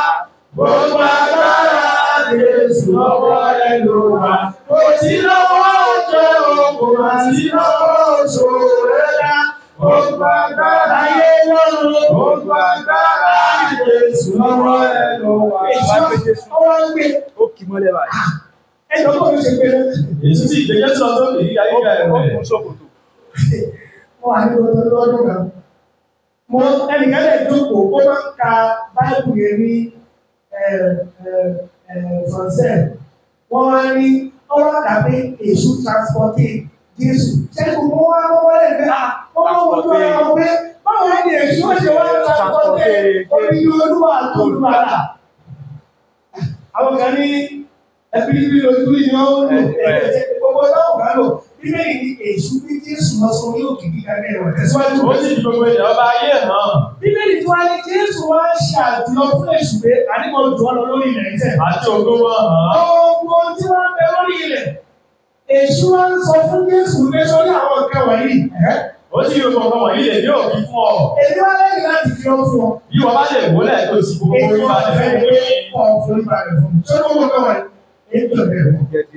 gbogbo agbára Jésù lọ́wọ́ rẹ̀ ló wà. kò sí lọ́wọ́ ọjọ́ òkú àti lọ́wọ́ òṣòro rẹ̀ Oṣù agbára ayé lọ́rùn. Oṣù agbára Jésù lọ́wọ́ ẹ ló wà. Èso ọwọ́ ń gbé. Ó kì í mọ́lẹ̀ báyìí. Ẹ jọ kó o ṣe pé. Èso sì ìgbẹ́jọ́ sọ tó lè yí ayé rẹ̀ rẹ̀. Mo wà ní ọdún lọ́dún kan. Mo ẹnìkan lè jókòó, ó máa ń ka Báìbù yẹn ní Fọ̀nsẹ̀. Wọ́n wá ní ọwọ́ kàbí èso transporting. Jésù. Jésù kó wá kó wọlé pé à ó máa wọ ojú ara wọn pé báwo ni èso ṣe wá ta kọ́tẹ́ orí olúwa tó lu ara. Àwọn kan ní ẹbí bí ojú yìí ó lù ẹ̀ẹ́dẹ̀ gbogbo náà wà lò. Bíbélì ni èso bí Jésù lọ sọ yóò kìkì kàkẹ́ rẹ̀ tẹ̀síwájú. Ó sì di gbogbo ìyá ọba ayé ẹ̀ náà. Bíbélì tó wá ní Jésù wá ń ṣe àdúrà fún èṣù pé àníkọ̀ọ́ jù ọ lọ lórí ilẹ̀ yìí tẹ̀. Àti ògbó wọn. Gbogbo tí wọ́n bẹ lórí ilẹ̀. Èṣù wa ń sọ fún Jésù pé sọ́dọ̀ àwọn nǹkan wọ̀nyí. Ó sì yóò sọ ọmọ wọ̀nyí lè ní òbí fún ọ. Èmi wá lẹ́yìn láti fi ọ́ fún ọ. Bí wọ́n bá lè wó lẹ̀ tó ti gbogbo orí ba lẹ̀ fún mi. Ọ̀ fún mi balẹ̀ fún mi. Sọ́dọ̀ owó kan wọ̀nyí.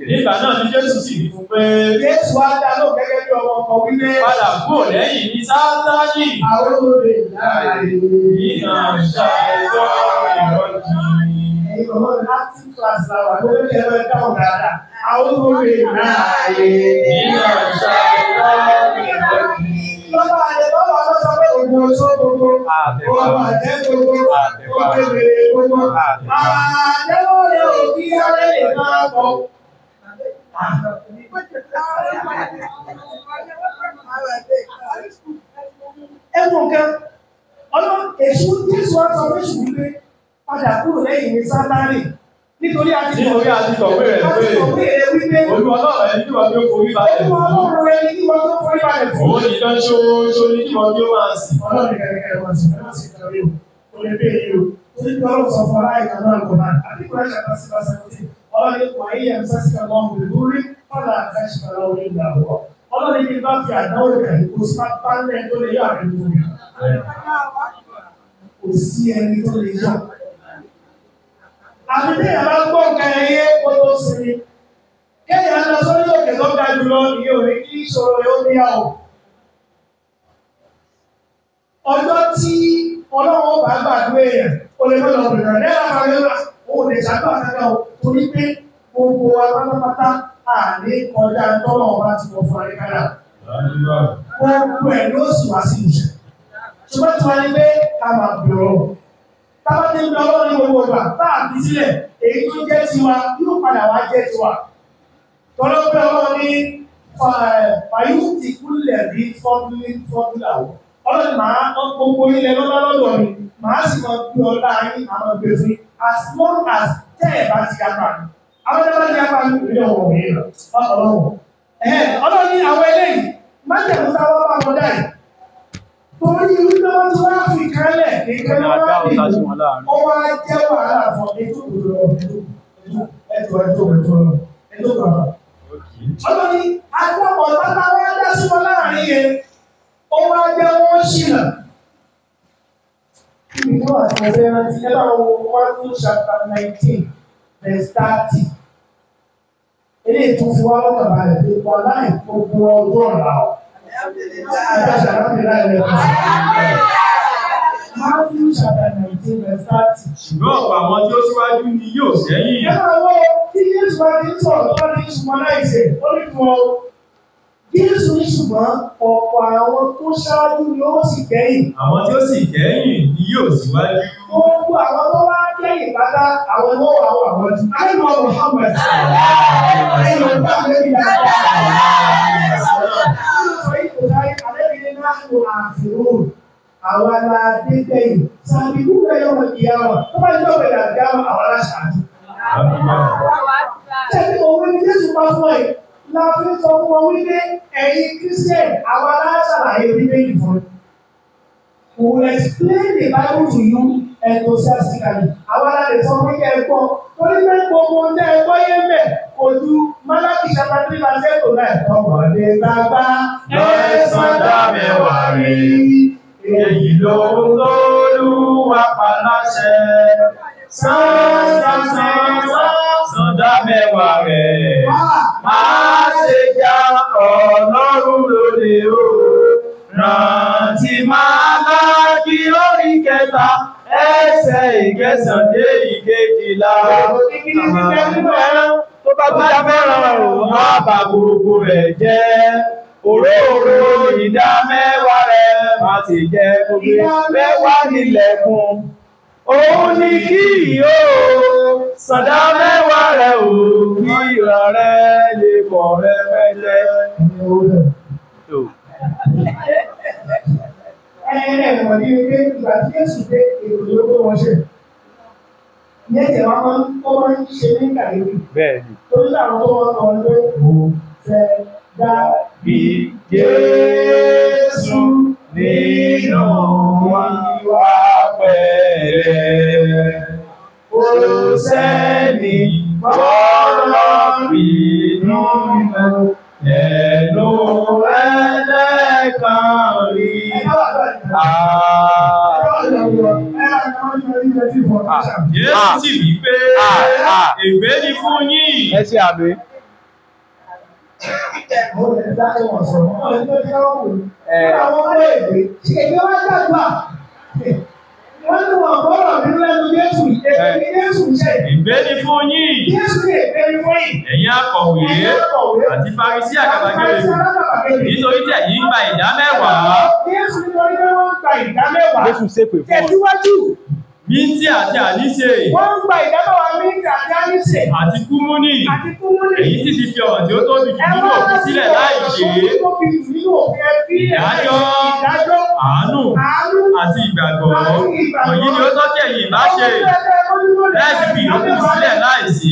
Nígbà náà ni Jésù sì rí fún pé. Jésù á dá lò gẹ́gẹ́ bí ọmọ ọkọ wílé. Padà kúrò lẹ́yìn ní Sátáàlì. Àwọn olè láàyè. Ìnà ṣàìsọ ìrọ̀jì. Ẹ̀yin ọmọ àwùjọ rẹ̀ náà yé nínú ìṣẹ́ ìlọ́ọ̀rì. Lọ́ba àdẹ̀bọ́ wa ló sọ pé ògùn oṣó gbogbo, ògùn àdẹ́ gbogbo, ògùn èrè gbogbo. Àdẹ́wọ́ lè òbí ọ̀rẹ́ lè máa bọ̀. Ẹ̀wọ̀n kan, ọlọ́run èṣù Jésù á sọ méjì wípé padà kúrò lẹ́yìn ní sátánì nítorí àti nítorí àti tọ̀pẹ́ rẹ̀ pé olú ọlọ́run ẹni tí wọ́n tó forí balẹ̀ fún olú ẹni tí wọ́n tó forí balẹ̀ fún òun nìkan ṣoṣo ní kí wọ́n tó máa sìn. ọlọ́run kẹ̀kẹ́ wọn sì máa sì kàwé o lè bẹ́ẹ̀ yìí o torí pé ọlọ́run sọ fún aláìka náà kò náà àbíkú ẹ̀ṣẹ̀ bá sí bá sẹ́kọ̀tì ọlọ́run ní wàá yíyá ẹ̀mí sásìkà lọ́hùn lórí fọ́nà àkáṣìkà lọ́hùn ní ìgbà wọ́ ọlọ́run ní bá fi àdáwọ̀ rẹ̀ kò sí pápá lẹ́ẹ̀ tó lè yọ àbẹ̀wò rẹ̀ kò sí ẹni tó lè yọ àti tí èèyàn bá gbọ́ nǹkan ẹyẹ kó tó sinmi kéèyàn lọ sórí òkè tó ga jùlọ ìyẹn ò ní kí ìṣòro rẹ̀ ó níyà o. ọjọ́ tí ọlọ́run bá gbàdúrà èèyàn ó lè lọ́dọ̀ bẹ̀rẹ̀ lẹ́yìn àbáyọ́lá òun lè ṣàgbà kankan o torí pé gbogbo apátápátá àní kọjá tọ́lọ̀ ọba ti wọ fún àríkàlà. gbogbo ẹ̀ ló sì wá sí ìṣẹ̀. ṣùgbọ́n tí wọ́n ní pé a máa bẹ̀rọ̀ tábà tí ń lọ lọ́rùn ní gbogbo ìgbà táà fi sílẹ̀ èyí tó jẹ́ tiwa yóò padà wá jẹ́ tiwa tọ́lọ́pẹ́ ọmọ ní fàyúùtì kúlẹ̀ bí fọ́dúlà ọlọ́run máa gbogbo ilẹ̀ lọ́lá lọ́dọ̀ mi máa sì mọ bí ọlá yín àwọn gbèsè as long as tẹ́ ẹ̀ bá ti yapa mi àwọn ẹ̀rọ bá ti yapa mi kò ní ọ̀wọ̀ mi ọlọ́run ọlọ́run ní àwọn eléyìí má tẹ̀kúta wọ́n bá wọn dáyìí torí wípé wọ́n ti wá fi kálẹ̀ ní kẹ́lọ́rọ́dì ó wá jẹ́ wàhálà fún ètò òdòdó ẹ̀tọ́ ẹ̀tọ́ ẹ̀tọ́ ẹ̀tọ́ bàbá. ọ̀dọ́ ni agbọ́pọ̀ tata wá dá sí wọn láàrin yẹn ó wá jẹ́ wọ́n ṣìnà. ìgbìmọ̀ àti ẹgbẹ́ rántí ẹ bá wo one two chapter nineteen verse thirty. eléyìí tó fi wá lọ́kàn balẹ̀ pé wàhálà ìkókó ọgbọ́n làwọn. Matthew chapter nineteen verse thirty. Ṣùgbọ́n ọ̀pọ̀ àwọn tí ó síwájú ni yóò sẹ́yìn. Yàrá wo tí Jésù bá ti ń sọ̀rọ̀ bá ti ń sùnmọ́ láìsè lórí fún ọ? Jésù ń sùnmọ́ ọ̀pọ̀ àwọn tó ṣáájú ni ó sì kẹ́yìn. Àwọn tí ó sì kẹ́yìn ni yóò síwájú. Gbogbo àwọn tó wá kẹ́yìn pátá àwọn ẹ̀wọ̀n wà wà wọ́n ti. Àìmọ̀ Muhammad. Àìmọ̀ Muhammad. Àìmọ̀ láàrú àfihàn àwọn aládégbẹ̀yìn sàbí wúlẹ̀ yóò wọ̀ ìyá wọn tó àwọn aláṣáájú. sọ fún wọn wípé ẹ̀yin Christian àwọn aláṣàlàyé bíbélì fún will explain the Bible to you enthusiastically. Àwọn aláṣẹ ojú mọ́lákì ṣàpàtì bá sẹ́kù náà ọkọ̀ lè gbàgbá. lọ́sọ̀dá mẹ́wàá rẹ̀ èyí lóhun tó lù wá paláṣẹ. sọ́sọ́sọ́sọ́dá mẹ́wàá rẹ̀ má ṣe já ọlọ́run lóde o. rántí máa bá kí orí kẹta ẹsẹ̀ ìkẹsàn-án dé ìkejìlá. òkìkí ní ti tẹ́lifíà tó bá tún dá mẹ́ràn rò á bà gbogbo rẹ̀ jẹ́ òróró ìdá mẹ́wàá rẹ̀ má sì jẹ́ gbogbo mẹ́wàá nílẹ̀kùn òun ni kí yóò sàdá mẹ́wàá rẹ̀ ò kí ìrà rẹ̀ lè bọ̀ rẹ̀ mẹ́lẹ̀ ẹ̀yìn ẹ̀wọ̀n ní ilé ìgbà tí èsì dé èrò ló wọn ṣe ní ẹsẹ̀ wa máa ń tó máa ń ṣe ní kàlẹ́bí. bẹ́ẹ̀ni. torí àwọn tó wọn kàn lé kò fẹ́ dá bí Jésù nínú wa pẹ̀lẹ́ kò bọ́lá bínú mẹ́lẹ́. sì wí pé ah, ah. ègbé ni fún yín. ẹ ṣe àmì. mo ni fún yín. ẹ̀yin akọ̀wé àti Farisí àgàbàgebè nítorí tẹ̀ yín gba ìdá Jésù nítorí pé wọ́n gba ìdá Jésù ṣépè fún ọ. tẹ̀síwájú. Bíntì àti Àníṣe. Wọ́n ń gba ìdámẹ́wàá Bíntì àti Àníṣe. Àti Kúmúnì. Àti Kúmúnì. Èyí sì ti fi ọ̀nà tí ó tóbi jù nínú òfin sílẹ̀ láì ṣe. Ìdájọ́. Ìdájọ́. Àánú. Àánú. Àti ìgbàgbọ́. Òyìn ni ó tọ́jú ẹ̀yìn ìbáṣe. Láìsí fi ìyókù sílẹ̀ láì sí.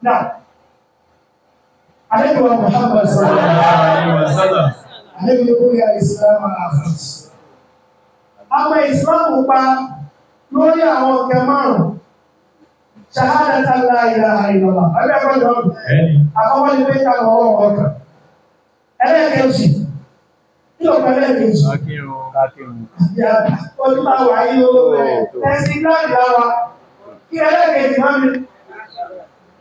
Now, Ànábì wa Muhammad sallallahu alaihi wasallam. Ànábì ló kórè àìsílámù àfọ̀t. Islam ìsìlámù pa lórí àwọn ọ̀kẹ́ márùn-ún. Ṣahádàtà la ilaha illallah. Àbí àkọ́jọ́ àkọ́kọ́ ni pé ká lọ ọ̀rọ̀ ọ̀kan. Ẹlẹ́ẹ̀kejì. Kí ló pẹ̀lú ẹ̀kejì? Ọdún máa wà yí o. Ẹ̀sìn náà ìlà wa. Kí ẹlẹ́ẹ̀kejì máa mi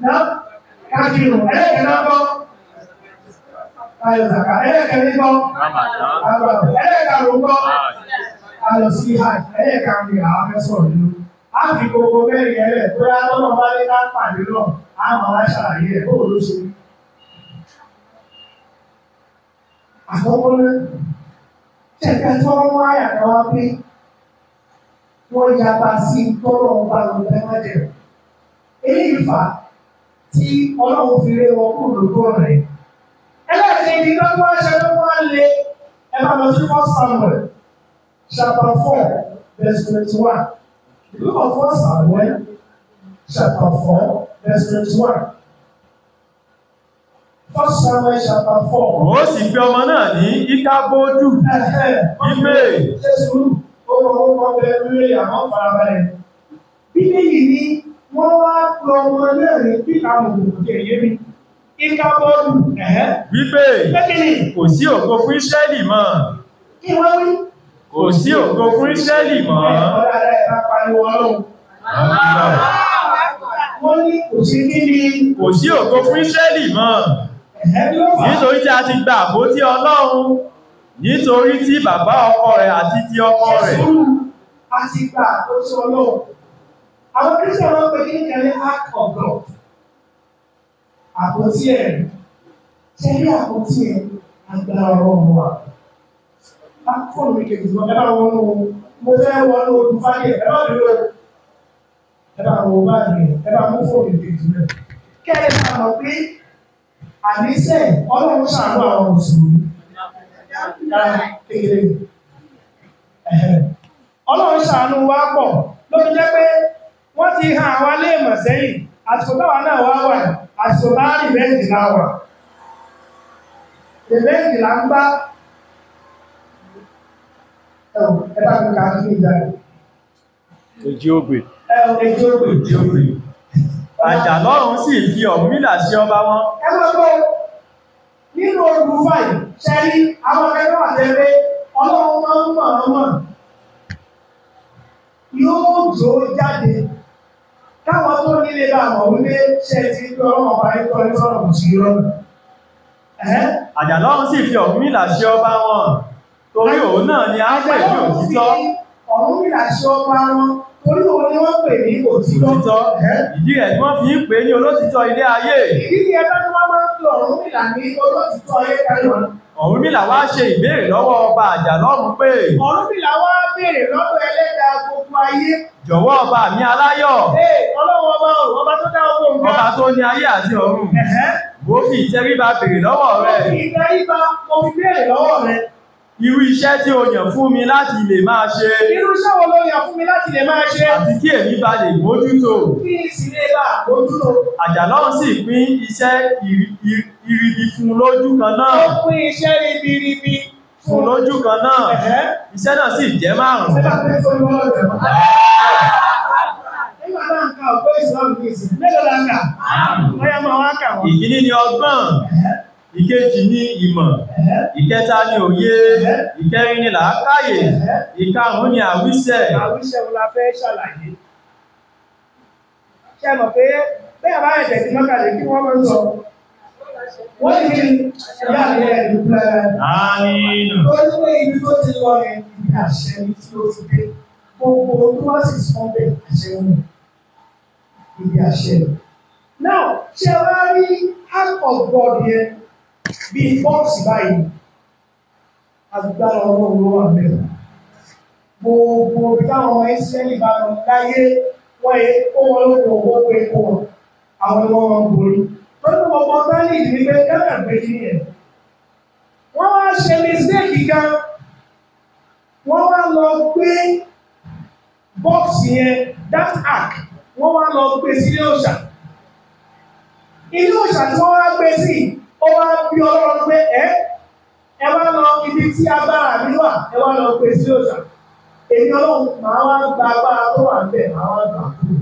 kákìrò ẹlẹ́kẹ̀ẹ́ náà bọ́ ayọ̀sàkà ẹlẹ́kẹ̀ẹ́ ní bọ́ ẹlẹ́kàrò ń bọ́ ayọ̀ sí ẹlẹ́kàrò àwọn mẹ́sàn-án nínú a fi gbogbo mẹ́rin ẹlẹ́ tó yá lọ́nà bá ní ká pàdé náà a máa wá ṣàlàyé ẹ̀ bóòlù ló ṣe rí. àkọ́kọ́ náà tẹ̀kẹ́ tó ń wá yàrá wá pé wọ́n yaba sí tọ́lọ̀ ọba lọ́tẹ́ májẹ̀ tí ọlọ́run fi lé wọn kúrò lóko rẹ̀. ẹlẹ́ẹ̀kejì lọ́wọ́ aṣọ ló wá lé ẹ máa lọ sí first samuel chapter four verse twenty one the book of first samuel chapter four verse twenty one. First Samuel chapter four. Ó sì gbé ọmọ náà ní Ikabodu, Ibe. Jésù ó rọ owó kan bẹ́ẹ̀ lórí àwọn farabalẹ̀. Bíbélì ní wọ́n wá lọ ọmọ lẹ́rin bí àwọn òkùnkùn èyí mi ìka bọ́ọ̀lù ẹ̀ẹ́ wípé kò sí ògo fún Ísírẹ́lì mọ́ kí wọ́n wí kò sí ògo fún Ísírẹ́lì mọ́ wọ́n ní kò sí níbi kò sí ògo fún Ísírẹ́lì mọ́ nítorí tí a ti gba àpótí Ọlọ́run nítorí tí bàbá ọkọ rẹ̀ àti ti ọkọ rẹ̀ a ti gba àpótí Ọlọ́run àwọn christian máa ń pè kíni kan ní act of God àpótí ẹ̀ ṣe rí àpótí ẹ̀ agbára ọlọ́run wa akọ́nù mi kejì lọ ẹ bá wọnú mo fẹ́ wọnú olùfàyè ẹ bá dúró ẹ bá wọ báyìí ẹ bá mú fóònù kejì rẹ kẹ́lẹ́ bá mọ̀ pé àníṣe ọlọ́run ṣàánú àwọn mùsùlùmí dára ṣàánú wa pọ̀ ló fi pé wọ́n ti hàn àwọn aléèmọ̀ sẹ́yìn àsìkò táwa náà wá wà àsìkò bá rìbẹ́ǹdì náà wà rìbẹ́ǹdì là ń bá ẹ bá mi kà á fún ìjà rẹ̀. èjì ògbè. èjì ògbè. èjì ògbè. àjà lọ́rùn sì fi ọ̀mílà sí ọba wọn. ẹ máa gbọ́ nínú olùkúfà yìí ṣẹ́rí àwọn akẹ́kọ̀ọ́ àtẹ́rẹ́ ọlọ́run máa ń mọ̀ ọ́n mọ̀ yóò jó jáde káwọn tó nílé bá mọ̀ wípé ṣe ti ń pé ọlọ́mọ bá ń tọ́ ní sọ́nà kò sí rọ́nà. àjàlọ́ sì fi Ọ̀rúnmìlà ṣe ọba wọn torí òun náà ni a pè ní òtítọ́. Ọ̀rúnmìlà ṣe ọba wọn torí òun ni wọ́n pè ní òtítọ́. ìdí rẹ̀ ni wọ́n fi ń pè ní olótítọ́ ilé ayé. ìdí ni ẹgbẹ́ tó máa mi Ọ̀rúnmìlà wá ṣe ìbéèrè lọ́wọ́ ọba àjà lọ́run pé. Ọ̀rúnmìlà wá béèrè lọ́dọ̀ ẹlẹ́dàá gbogbo ayé. Jọ̀wọ́ ọba mi aláyọ̀. Ọlọ́run ọba ọ̀run ọba tó dá ọgbọ́n nǹkan. Ọba tó ní ayé àti ọ̀run. Mo fi ìtẹríba béèrè lọ́wọ́ rẹ̀. Mo fi ìtẹríba mo fi béèrè lọ́wọ́ rẹ̀. Irú iṣẹ́ tí o yàn fún mi láti lè máa ṣe. Irú iṣẹ́ wo ló yàn fún mi láti lè máa ṣe? Àti kí èmi bá lè mójútó. Kí ìsìlè bá mójútó. Àjàlọ́ sì pín iṣẹ́ iribi fún lójú kan náà. Ó pín iṣẹ́ ribiribi fún lójú kan náà. Iṣẹ́ náà sì jẹ́ márùn-ún. Ṣé bá fẹ́ sọ ìwọ́n rẹ̀ mọ́? Ìkíní ni ọgbọ́n ìkejì ní ìmọ̀ ìkẹta ní òye ìkẹrin ní làákàyè ìkarùn-ún ní àwíṣẹ. àwíṣẹ wo la fẹ́ ṣàlàyé ṣe mọ̀ pé bẹ́ẹ̀ bá ẹ̀jẹ̀ tí mọ́kàlẹ̀ kí wọ́n mọ́ sọ wọ́n ní ìyá rẹ̀ dúpẹ́ àmín tó ní pé ibi tó ti lọ rẹ̀ ibi àṣẹ tí ó ti dé gbogbo tó wá sì sọ bẹ́ẹ̀ àṣẹ wọn ibi àṣẹ. now ṣe wá rí act of God yẹn bí bọ́ọ̀sì báyìí agbára ọlọ́run ló wà bẹ́ẹ̀ gbogbo bí táwọn ọmọ ìsírẹ́lì bá lọ láyé wọ́n yẹ kó wọn lóko gbogbo epo wọn àwọn ẹ̀wọ̀n wọn borí lọ́dún gbogbo sáyẹ̀lì ní pé kẹ́kẹ́ gbèjì yẹn wọ́n wá ṣe mistake gan wọ́n wá lọ gbé bọ́ọ̀sì yẹn that arc wọ́n wá lọ gbé sílé òòṣà ilé òòṣà tí wọ́n wá gbé sí i ó wá bí ọlọ́run pé ẹ́ ẹ wá lọ ibi tí agbára mi wà ẹ wá lọ pè sí òòṣà èmi ọlọ́run máa wá gba agbára tó wà ń bẹ̀ máa wá gbà kú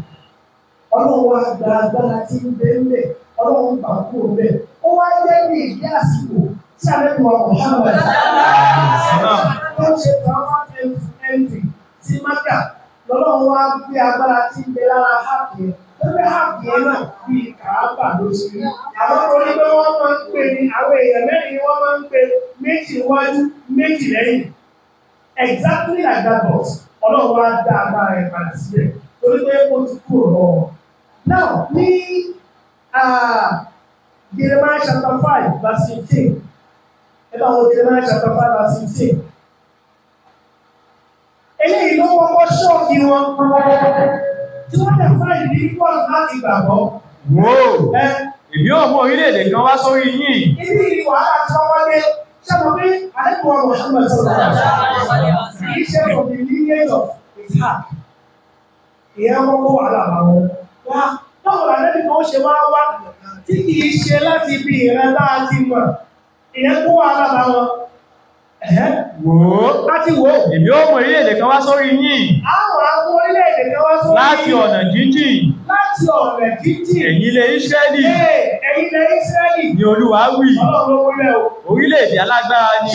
ọlọ́run wá gba agbára tí ń bẹ ń bẹ̀ ọlọ́run gbà kú ń bẹ̀ ó wá jẹ́ bí ìdí àsìkò tí a lẹ́nu ọkọ̀ sábà tó ṣe tàwọn ẹ̀ǹtì sí mákà lọ́lọ́run wá gbé agbára tí ń bẹ lára hákìí Túbẹ́hàbù náà bí kàábà ló ṣe rí. Àwọn orí pé wọ́n máa ń pè ní àwọn èèyàn mẹ́rin wọ́n máa ń pè méjì wájú méjì lẹ́yìn. Exactly like that box, ọlọ́run wá dá agbára ẹ̀ padà sílẹ̀ torí pé ó ti kúrò lọ́wọ́. Now ní Jeremiah chapter five verse fifteen, ẹ bá wọn Jeremiah chapter five verse fifteen eléyìí ló kọ́kọ́ ṣọ́ọ̀kì wọn tí wọ́n lè fà ìdí pọ̀ láti gbàgbọ́. Wò ó èmi ò mọ orílẹ̀-èdè kan wá sórí yìí. Ibi ìlú wàhálà tí wọ́n wọlé ṣẹ́gun pé àlejò ọmọ ọmọ ìṣòro kì í ṣe from the lineage of Isaac. Ìyẹn wọ́n kó wàhálà àwọn wá báwo la lẹ́nu kan ṣe wá wá tí kì í ṣe láti ibi ìran tá a kó wàhálà àwọn. Wò wá sórí láti ọ̀nà jíjìn láti ọ̀nà jíjìn ẹ̀yin ilé Ísírẹ́lì ẹ̀yin ilé Ísírẹ́lì ni Olúwa wí orílẹ̀-èdè alágbára ni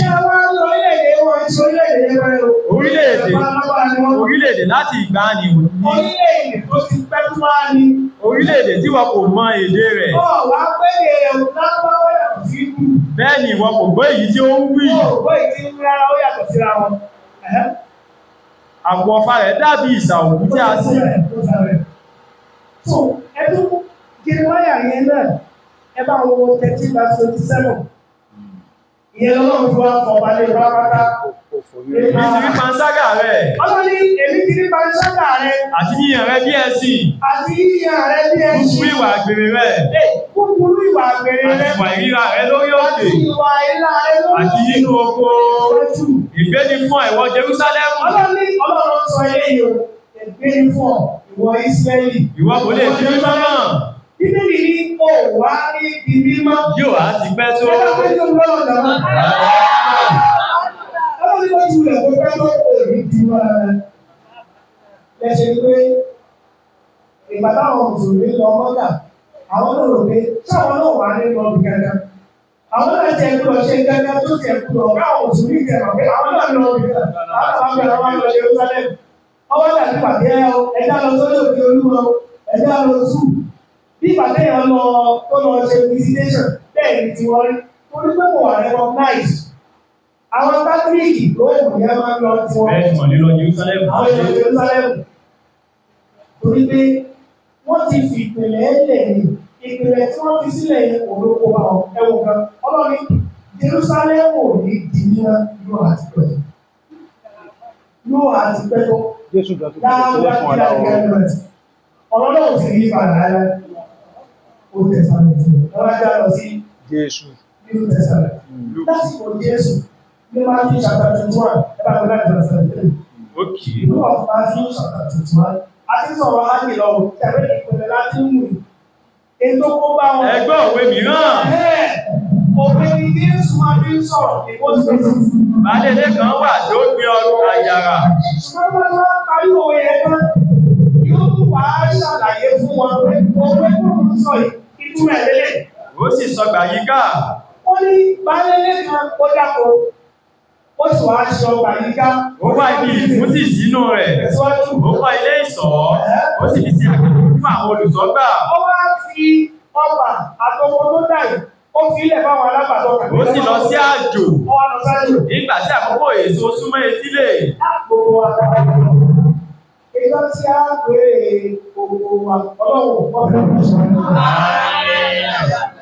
orílẹ̀-èdè orílẹ̀-èdè láti ìgbàanì ni orílẹ̀-èdè tí wọn kò mọ èdè rẹ̀ bẹ́ẹ̀ ni wọn kò gbọ́ èyí tí ó ń wí àwọ̀fà rẹ̀ dàbí ìsàwò tí a sí. so ẹdún jeremiah yẹn náà ẹ bá wọn wọ twenty seven ìyẹn lọ́wọ́ fún wa kọ̀ balẹ̀ ìwà pátá. Èmi ti rí panṣágà rẹ̀. Ọlọ́run ní èmi ti rí panṣágà rẹ̀. Àti yíyan rẹ bí ẹ̀sìn. Àti yíyan rẹ bí ẹ̀sìn. Kúkúrú ìwà àgbèrè rẹ̀. Kúkúrú ìwà àgbèrè rẹ̀. Àti ìwà ìríra rẹ lórí òkè. Àti ìwà ìríra rẹ lórí òkè. Àti nínú oko. Ìgbé ni fún ẹ̀wọ̀ Jerusalem. Ọlọ́run ní Ọlọ́run sọ eléyìí o. Ìgbé ni fún ìwọ Ísírẹ́lì. Ìwọ kò lè fi mímọ́ náà. Bíbélì ní o wá ní ibi mímọ́. Yóò á ti pẹ́ tó. Ẹ ní wọ́n ti lè kó ká lọ́pọ̀ òní ju ara rẹ̀. Lẹ́sẹ̀ ni pé ìgbà táwọn mùsùlùmí lọ mọ́tà, àwọn náà rò pé sáwọn náà wà ní lọ bí gángan. Àwọn náà jẹ́ kí wọ́n ṣe gángan tó jẹ́ kú lọ, káwọn mùsùlùmí jẹ́ lọ pé àwọn náà lọ bí gángan. Àwọn àwọn àgbẹ̀ àwọn àlọ́ Jerusalem. Ọwọ́ dàbí pàdé ẹ o, ẹ̀dá lọ sọ́dọ̀ òkè olúwa o, ẹ̀dá lọ sùn. Bí pàdé yẹn lọ tó lọ ṣe visitation, bẹ́ẹ̀ ni ti wọlé. Onígbẹ́kọ̀ wà recognized àwọn pátíríkì tó èmù yẹn máa ń lọ tí wọ́n bẹ́ẹ̀ mọ̀ nílọ Jerusalem àwọn èèyàn Jerusalem torí pé wọ́n ti fi ìpìlẹ̀ ẹ̀lẹ̀ ní ìpìlẹ̀ tí wọ́n fi sílẹ̀ yẹn kò ló kó bá wọn kan ọlọ́ni Jerusalem ò ní di níná yóò àti pẹ́ yóò àti pẹ́ tó dáhùn bá ti gẹ́gẹ́ ọlọ́dọ̀ ò sì ní padà rárá ó tẹ̀sán lọ sí ọlọ́dọ̀ lọ sí Jésù hmm. lásìkò Jésù ní Matthew chapter twenty-one ẹ bá gbọ́dọ̀ ìjọba seventeen. ok ní wọn fún Matthew chapter twenty-one àti sọ̀rọ̀ hàmì lọ tẹ̀lé ìpínlẹ̀ láti mú ètò kó bá wọn. ẹgbẹ́ òwe mìíràn. òwe ilé ìsúnmọ́ bí ń sọ̀rọ̀ èkó ṣèṣì. baálé ilé kan wà tó gbé ọdún àyàrá. ṣùgbọ́n bá wọn parí òwe yẹn tán yóò tún wá ṣàlàyé fún wọn pé òwe tó ń sọ ìtumọ̀ lélẹ̀. ó sì sọ gbàyíká. ó ní baálé kan kó dàpọ̀ ó sì wá ṣe ó wá ibi ìmúsì sínú rẹ̀ ó wá ilé ìsọ̀ ó sì fi sí àgbẹ̀wò fún àwọn olùsọ́gbà. ó wá fi ọgbà àtọwọ́ tó ó fi ilẹ̀ fáwọn alábàtọ́ kan. ó sì lọ sí àjò nígbà tí àkókò èso súnmọ́ etílé. àpò àtàwọn ìjọ tí a pè é gbogbo wa ọlọ́run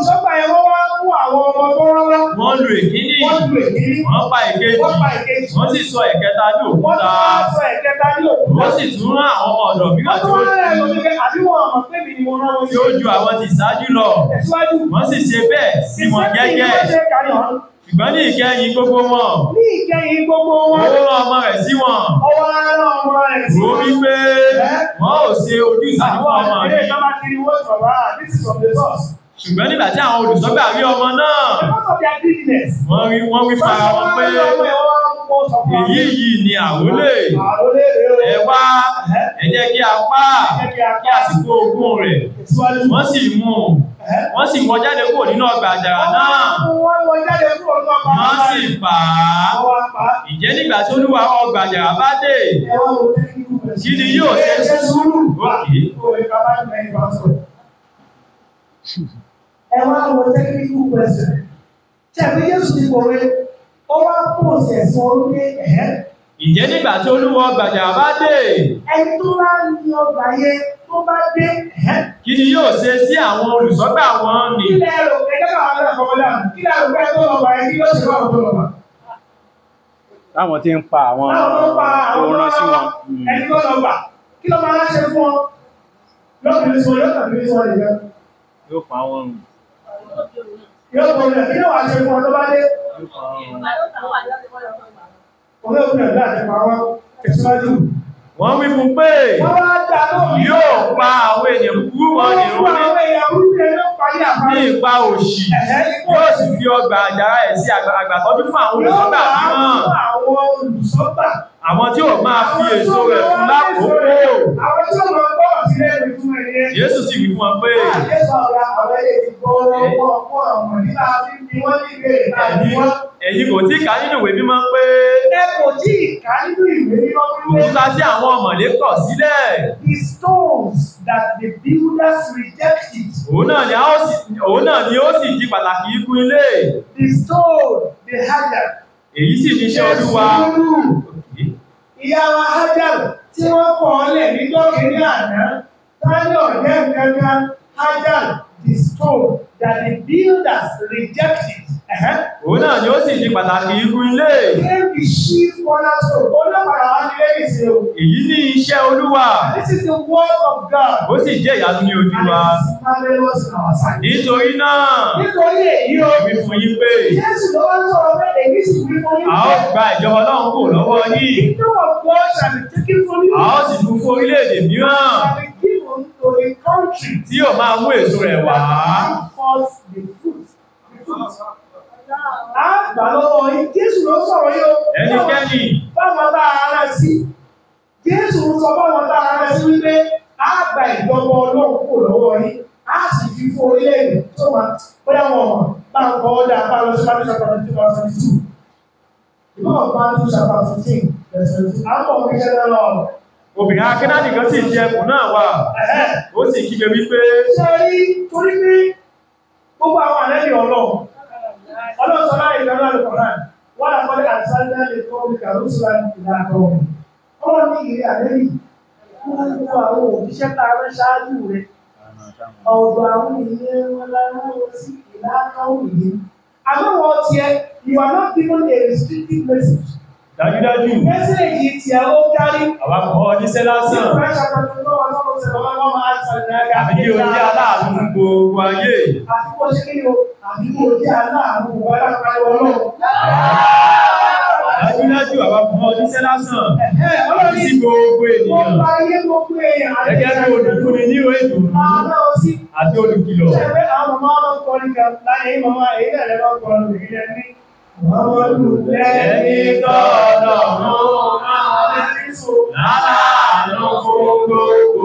olùṣọ́gbà yẹn wọ́n wá mú àwọn ọmọ tó rán lọ. wọ́n lu èkíní wọ́n lu èkíní wọ́n pa èkejì wọ́n pa èkejì wọ́n sì sọ ẹ̀kẹta ní òkúta. wọ́n sọ ẹ̀kẹta ní òkúta. wọ́n sì tún rán àwọn ọmọ ọ̀dọ̀ mìíràn tó tí ó ju àwọn ti ṣáájú lọ. wọ́n sì ṣe bẹ́ẹ̀ sí wọn gẹ́gẹ́ ṣùgbọ́n ní ìkẹyìn gbogbo wọn. ní ìkẹyìn gbogbo wọn. ó rán ọmọ rẹ̀ sí wọn. ọwọ́ rán ọmọ rẹ̀ sí wọn. wọ́n wípé wọn ò ṣe ojúṣàánú ọmọ rẹ̀. àwọn ọmọ rẹ̀ ní ìjọba kiri wọ́n sọ̀rọ̀ ṣùgbọ́n nígbà tí àwọn olùsọ́gbà rí ọmọ náà wọ́n rí wọ́n wí fara wọn pé èyí yìí ni àrólé ẹ wá ẹ jẹ́ kí a pa kí a sì kó ogún rẹ̀ wọ́n sì mú wọ́n sì wọ́n jáde kúrò nínú ọgbà àjàrà náà wọ́n sì pa á ìjẹ́ nígbà tí olúwa ọgbà àjàrà bá dé kí ni yóò ṣe sùúrù lókè ẹ wá wọ technical question tí ẹ̀fẹ́ Jésù ti kọ̀wé ó wá pòsì ẹ̀sìn olóyè ẹ̀hẹ́. Ǹjẹ́ nígbà tí olúwọ gbàjà bá dé? Ẹni tó bá ń ní ọgbà yẹn tó bá dé. Kí ni yóò ṣe sí àwọn olùsọ́gbà wọn ni? Kílẹ̀ ẹ̀rọ ẹ̀jẹ̀ náà wà lọ́dọ̀ kọ́kọ́lá. Kílẹ̀ ẹ̀rọ ẹ̀jẹ̀ tó lọ́gbà yẹn kí ló ṣe wà lọ́dọ̀ lọ́gbà. Táwọn ti ń pa àwọn òòrùn sí wọn. Ẹni tó lọ́gbà kí ló máa ń ṣe fún ọ? Lọ́kùnrin sọ yóò tàbí sọ ìgbà. Yóò pa wọn rùn yóò gbọ́dọ̀ kí ló wàá ṣe fún bá dé. òun yóò pa wọn tẹsíwájú. wọ́n wí pé yóò pa àwọn èèyàn kú wọn ní ní ipa òṣì yóò sì fi ọgbà àjàrà ẹ̀ sí àgbàtọ́jú fún àwọn olùsọ́gbà mìíràn àwọn tí ò máa fi èso rẹ̀ fún lákòókò Jésù sì wí fún wọn pé ah, ẹ̀yin kò tí kà nínú ìwé mímọ́ pé ẹ kò tí kà nínú ìwé mímọ́ pé òkúta tí àwọn ọmọlé kọ̀ sílẹ̀ the stones that the builders rejected òun náà ni ó sì di pàtàkì igun ilé the stone they hired èyí sì ní iṣẹ́ Olúwa ìyá wa Hajar tí wọ́n kọ̀ ọ́ lẹ̀ ní dọ́kìnrí àná táyọ̀ jẹ́ nǹkan kan Hajar discovered that the builders rejected Òun náà ni ó sì di pàtàkì ikú ilé. Every sheep corner stone, olóòpàdà wá ní lẹ́yìn sí o. Èyí ni iṣẹ́ Olúwa. This is the word of God. Ó sì jẹ́ ìyanu ní ojú wa. Nítorí náà. Nítorí èyí o. Èmi fún yín pé. Jésù ló wá sọ̀rọ̀ bẹ́ẹ̀ èmi sì fún yín A ó gba ìjọba Ọlọ́run kò lọ́wọ́ yín. Ìjọba of God shall be A ó sì fún fún orílẹ̀-èdè mìíràn. Tí yóò máa mú èso á gbà lọ́wọ́ yín Jésù ló sọ̀rọ̀ yìí o ẹnikẹ́ni báwọn tá a rẹ sí Jésù sọ báwọn tá a rẹ sí wípé á gba ìjọba Ọlọ́run kò lọ́wọ́ yín á sì fi fún orílẹ̀-èdè tó máa bóyá wọn mọ̀ bá ń kọ́ ọ́dà bá lọ sí bá lọ́sọ̀rọ̀ twenty one twenty two ìmọ̀ bá ń tún ṣàpà fifteen ẹ̀sẹ̀ àpọ̀ oríṣẹ́ lọ́wọ́ obìnrin akínádì kan sì jẹ ẹkùn náà wà ó sì kígbe wípé. ṣe rí torí pé gbogbo àwọn àlẹ́ ọlọ́run sọ láyé ìdáná àlùkọ̀rán wọ́n àkọ́lé àṣálẹ́ lẹ́kọ́ olùkàrúsùlá ìlà àtọ̀ ọlọ́run ní ìrírí àlẹ́yìn gbogbo àwọn òjíṣẹ́ tá a rán ṣáájú rẹ̀ ọ̀gbọ̀n àwọn ìyẹn wọn lára wọn sí ìlà àtọ̀ òyìn àmọ́ wọ́n tiẹ̀ you are not given a restrictive message dájúdájú. Mẹ́sẹ̀ yìí tí a ó kárí. Àwa kọ́ oníṣẹ́ lásán. Àbí kí o jẹ́ aláàánú gbogbo ayé. Àbí kò ṣe kí o, àbí kò jẹ́ aláàánú gbogbo ayé. Dájúdájú àwa kọ́ oníṣẹ́ lásán. Ọlọ́run sí gbogbo ènìyàn. Ó bá yé gbogbo èèyàn. Gẹ́gẹ́ bí olùfúnni ní ìwé ìdùnnú. Àná o sí. Àti olùkìlọ̀. Ṣé pé àwọn ọmọ ọmọ kọrin kan láyé mọ́mọ́ èyí náà lẹ́nu ọkọ̀ ọ̀run ìrìnlẹ̀ ní Olùlẹ́ni my God aláìsò láàánú fún gbogbo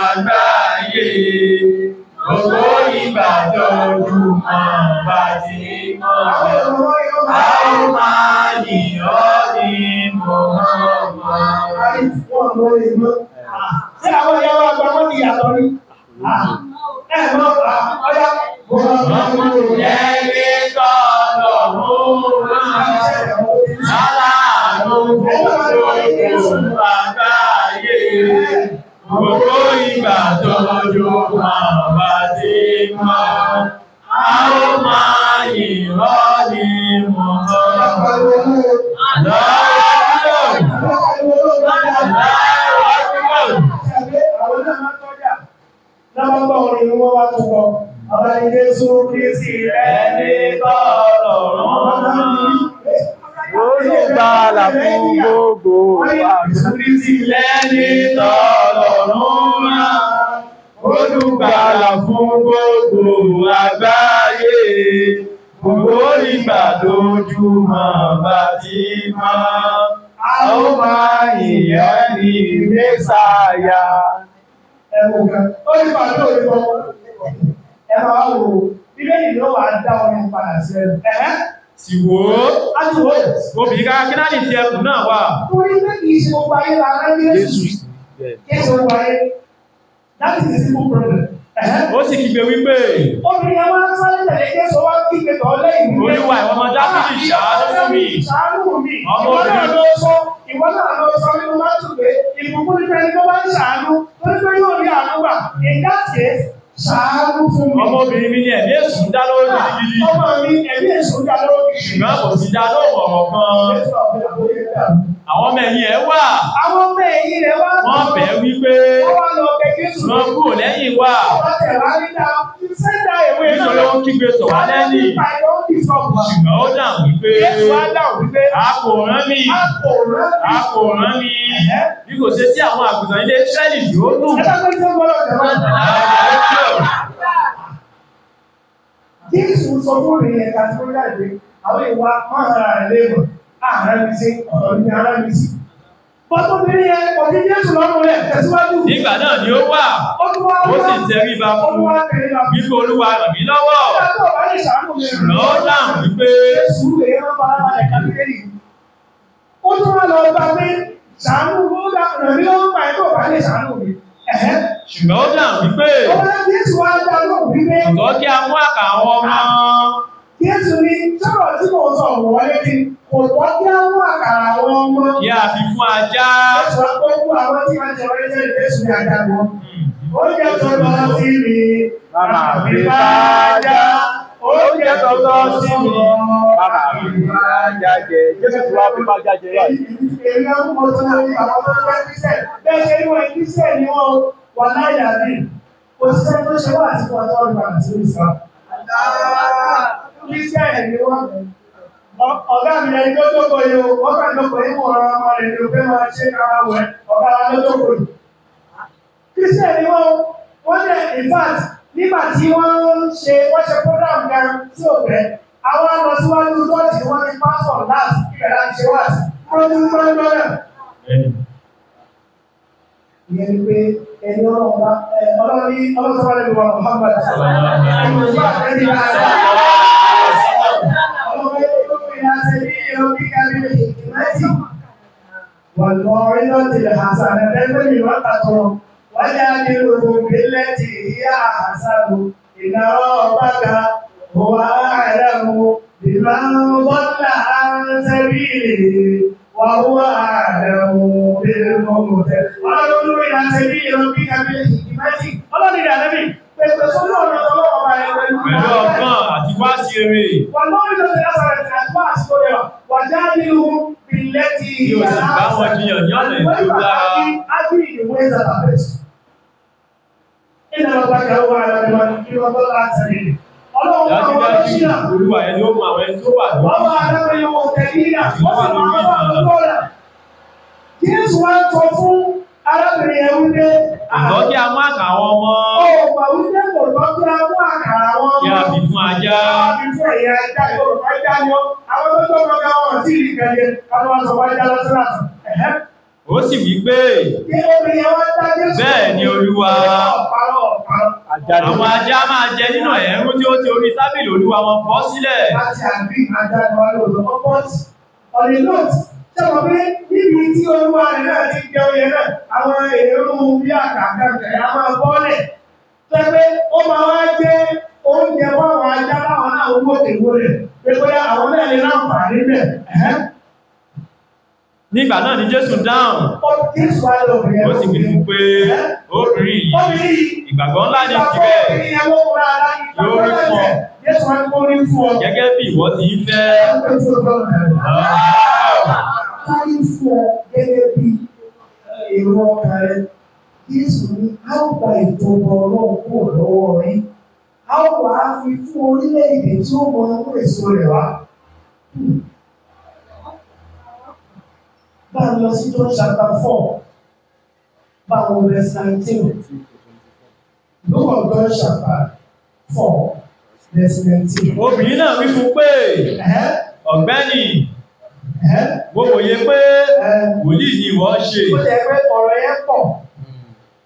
àgbáyé. Gbogbo ìgbàjọ́ Olúmọ̀. obìnrin ká kí náà lè ti ẹkùn náà wà. orí pé kì ṣe gbogbo ayé la rán ní Jésù kí gbogbo ayé that is the simple problem. ó sì kígbe wípé. obìnrin yẹn máa ń sáré tẹ̀lé Jésù wá kígbe tọ́ lẹ́yìn olúwa ìwọ ọmọ dábìlì ṣàánú mi. ṣàánú mi ìwọ náà ló sọ ìwọ náà ló sọ nínú mátùgbé ìbùkún nípa ẹni tó bá ń ṣàánú tó ní pé yóò rí àánú gbà in that case. Ṣàánú fún mi. Ọmọbìnrin mi ni ẹ̀mí èsùn dá lórí gidigidi. Ọmọ mi ẹ̀mí èsùn dá lórí gidigidi. Ṣùgbọ́n kò sí dá lórí ọ̀rọ̀ kan. Àwọn ọmọ ẹ̀yìn ẹ̀ wà. Àwọn ọmọ ẹ̀yìn rẹ̀ wá. Wọ́n bẹ̀ wípé. Wọ́n lọ bẹ Jésù. Wọ́n kúrò lẹ́yìn wa. Wọ́n tẹ̀ wá níta. Sẹ́ńdà ìwé náà. Nítorí ó ń kígbe sọ̀ wá lẹ́yìn. Ṣùgbọ́n ó dà wípé. Jésù á dà wípé. A kò rán mi. A kò rán mi. A kò rán mi. Bí kò ṣe sí àwọn àgùntàn ilé Ísírẹ́lì yóò dùn. Ẹ Jésù sọ fún mi yẹn ká tó jáde àwọn ìwà máa ra rẹ̀ léèmọ̀ ààrẹ mi sí ọ̀rọ̀ ní ara mi sí. Bọ́tún mi ní yẹn kò ní Jésù lọ́rùn rẹ̀ tẹ̀síwájú. Nígbà náà ni ó wà ó sì tẹríba fún gbígbó Olúwa ràn mí lọ́wọ́. Ṣùgbọ́n ó dáhùn wípé. Jésù lè rán bàbá rẹ̀ kábíyèrè. Ó tún wá lọ bá pé ṣàánú ló ràn mí lọ́wọ́ gbà ẹ̀ tó bá lè ṣàánú mi ṣùgbọ́n ó dàn wípé ọ̀tọ̀ kí a mú àkà àwọn ọmọ. Jésù ní sọ̀rọ̀ tí mò ń sọ wọ́n létí kò tọ́ kí a mú àkàrà àwọn ọmọ. Kí a fi fún ajá. Jésù á pẹ́ fún àwọn tí wọ́n jẹ wọ́n jẹ́ Jésù ní ajá wọn. Ó yẹ kó lọ sí mi, àmì bá ajá oúnjẹ tọ̀tọ̀ sí mi bàbá mi jáde jésù tó wá fipá jáde rà yìí. èmi àwọn ọmọ tí ní àwọn ọmọ bá ní bẹ́ẹ̀ ṣe ní wọn ní ni wọn wà láyà mi kò sí sẹ tó ṣe wà sí wọn tó ń gbà sí ìsà. ní sẹ ni wọn ọ̀gá mi ẹni tó tó kọyọ wọn kà ló kọyọ wọn ọ̀rọ̀ ọmọ rẹ ló fẹ́ máa ṣe kára wẹ ọ̀gá ló tó kọyọ. kí ni wọn wọn lẹ in nígbà tí wọ́n ń ṣe wọ́n ṣe program gan tí ò fẹ́ àwọn lọ síwájú lọ́ọ̀tì wọn ní pásọ̀ láti ìbẹ̀rẹ̀ láti ṣe wáàtì wọ́n ní wọ́n ń lọ́rẹ̀. ìyẹn ni pé ẹni ọlọ́ọ̀bá ọlọ́ọ̀ni ọlọ́sọ̀rọ̀ lè wà Muhammad ìwòsàn àtẹ́sí lára ọlọ́ọ̀bá ẹ̀kọ́ fi láti ní ìrọ̀bí kábíyèsí ìmẹ́tì wà lọ́ọ̀rí lọ́ọ̀tì lè hàṣà ẹ̀ẹ́dẹ́gbẹ̀rún وجادلهم بالتي هي أحسن إن ربك هو أعلم بمن ضل عن سبيله وهو أعلم بالمهتدين وأعلم إلى سبيل ربك بالحكمة ọlọ́run ìrìn àlẹ́bí pẹ̀lú sọ́nà ọ̀nà ọlọ́run àti wá sí eré wọn lórí lọ́sẹ̀ lásàrẹ̀ tí àti wá sí orí ọ̀ wà jáde ihu ilẹ̀ ti ìgbà láàrín ìwé ìgbà ìlànà ọ̀pàdà wà àrẹ̀mọ̀ ìrọ̀bọ̀ Ìtọ́jú a máa kà wọ́n mọ́. Ó mà wípé kò lọ́jọ́ a máa kà wọ́n mọ́. Yà á fi fún ajá. Yà á fi fún ẹ̀yà ajá yóò rọ̀ ajá yọ. Àwọn tó tó kọjá wọn sí ìkẹyẹ, àwọn sọ wáyé dá lọ́sí ó sì wí pé bẹ́ẹ̀ ni olúwa àwọn ajá máa jẹ nínú ẹ̀rún tí ó ti orí tábìlì olúwa wọn bọ́ sílẹ̀. láti àbí àjálù alóòrùn ọkọ̀ ọ̀rẹ́ náà sọ̀rọ̀ pé níbi tí olúwa rẹ̀ náà ti jẹ oyè náà àwọn èrò bí àkàkà rẹ̀ á máa bọ́lẹ̀ pẹ́pẹ́ ó máa wá jẹ́ oúnjẹ fáwọn ajá báwọn náà ó gbòkègbò rẹ̀ pé bóyá àwọn náà lè láǹfààní bẹ̀ nígbà náà ni jésù dáhùn ó sì wí fún pé obìnrin yìí ìgbàgbọ́ ńlá ni tìrẹ yóò rí fún ọ gẹ́gẹ́ bí ìwọ ti ń fẹ́ kárí fún ọ gẹ́gẹ́ bí èrò ọkàn rẹ jésù ní á gba ìjọba ọlọ́run kò lọ́wọ́ rí á wàá fi fún orílẹ̀-èdè tí ó mọ inú èso rẹ̀ wá bá a lọ sí John chapter four bá a wọ verse nineteen book of John chapter four verse nineteen. obìnrin náà wí fún pé ọ̀gbẹ́ni mo wòye pé wòlíì ni ìwọ ń ṣe. ó jẹ́ pé ọ̀rọ̀ yẹn pọ̀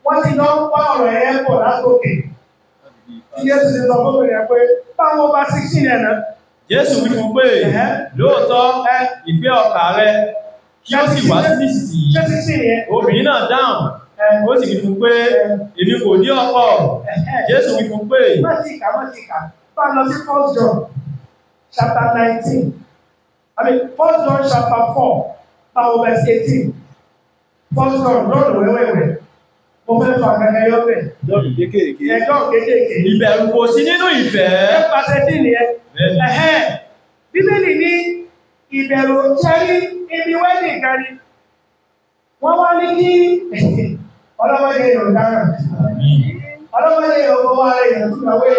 wọ́n ti lọ ń pa ọ̀rọ̀ yẹn pọ̀ látòkè. Jésù ti sọ fún ènìyàn pé báwọn bá sixteen ẹ̀ náà. Jésù wí fún pé lóòótọ́ ìgbé ọkà rẹ kí ó sì wá sí ìsì obìnrin náà dáhùn ó sì fi fún pé èmi kò ní ọkọ Jésù fi fún pé. mọ́tìkà mọ́tìkà bá lọ sí first John chapter nineteen I mean first John chapter four báwo verse eighteen first John lọ́dọ̀ wẹ́wẹ́wẹ́ mo fẹ́ fà kẹ́kẹ́ yọ bẹ́ẹ̀. Jọ́ọ̀nù kékèké. Ẹ jọ́ọ̀nù kékèké. Ìbẹ̀rù kò sí nínú ìfẹ́. Ẹ pàṣẹ dín ní ẹ. Bíbélì ní ìbẹ̀rù ṣẹ́rí ibi wẹ́ẹ̀dì kan ni wọ́n wá ní kí ọlọ́mọdé yóò dára ọlọ́mọdé yóò bọ́ wá rẹ̀ yóò tún àwẹ̀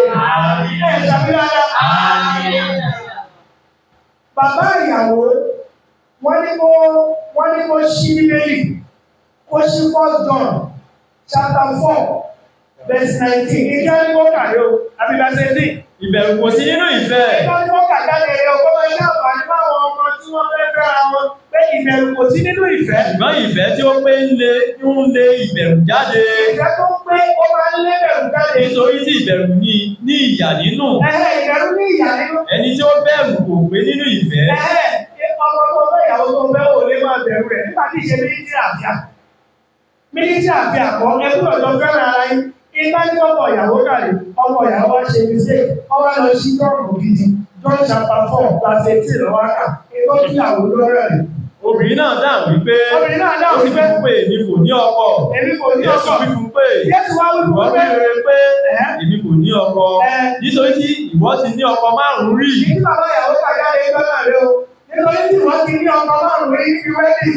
ẹ̀ ṣàfihàn bàbá ìyàwó wọ́n ní kó wọ́n ní kó ṣí méjì kó ṣí first john chapter four verse nineteen ìjọ ní kó kàdé o àbí verse eighteen ìbẹ̀rù kò sí nínú ìfẹ́. ìjọ ní kó kàdé o kó máa ń dábàá nípa àwọn ọmọ tí wọ́n fẹ́ fẹ́ra wọn pé ìbẹ̀rù kò sí nínú ìfẹ́. ṣùgbọ́n ìfẹ́ tí ó pé ń lé ń lé ìbẹ̀rù jáde. ìfẹ́ tó pé ó máa ń lé ìbẹ̀rù jáde. nítorí tí ìbẹ̀rù ní ní ìyà nínú. ìbẹ̀rù ní ìyà nínú. ẹni tí ó bẹ̀rù kò pé nínú ìfẹ́. ọkọ tó fẹ́ ìyàwó tó fẹ́ ò lè máa bẹ̀rù rẹ̀ nígbà tí ìṣe mílítì àbíà mílítì àbíà kọ́ ẹgbẹ́ ọ̀dọ́ fẹ́ràn ara yín ìbá ní ọmọ ìyàwó John chapter four verse eighteen lọ́wọ́ kà ètò ìyàwó lọ́rẹ̀ rẹ̀. Obìnrin náà dáhùn wípé. Obìnrin náà dáhùn wípé. Ó ti pè ní kò ní ọkọ. Èmi kò ní ọkọ. Yéṣu wí fún pé. Yéṣu wá wí fún pé. Wọ́n bèrè pé èmi kò ní ọkọ. Nítorí tí ìwọ ti ní ọkọ márùn-ún rí. Ní bàbá ìyàwó kàjá lè gbọ́ náà rẹ o. Nítorí tí ìwọ ti ní ọkọ márùn-ún rí fi wẹ́ẹ̀lì.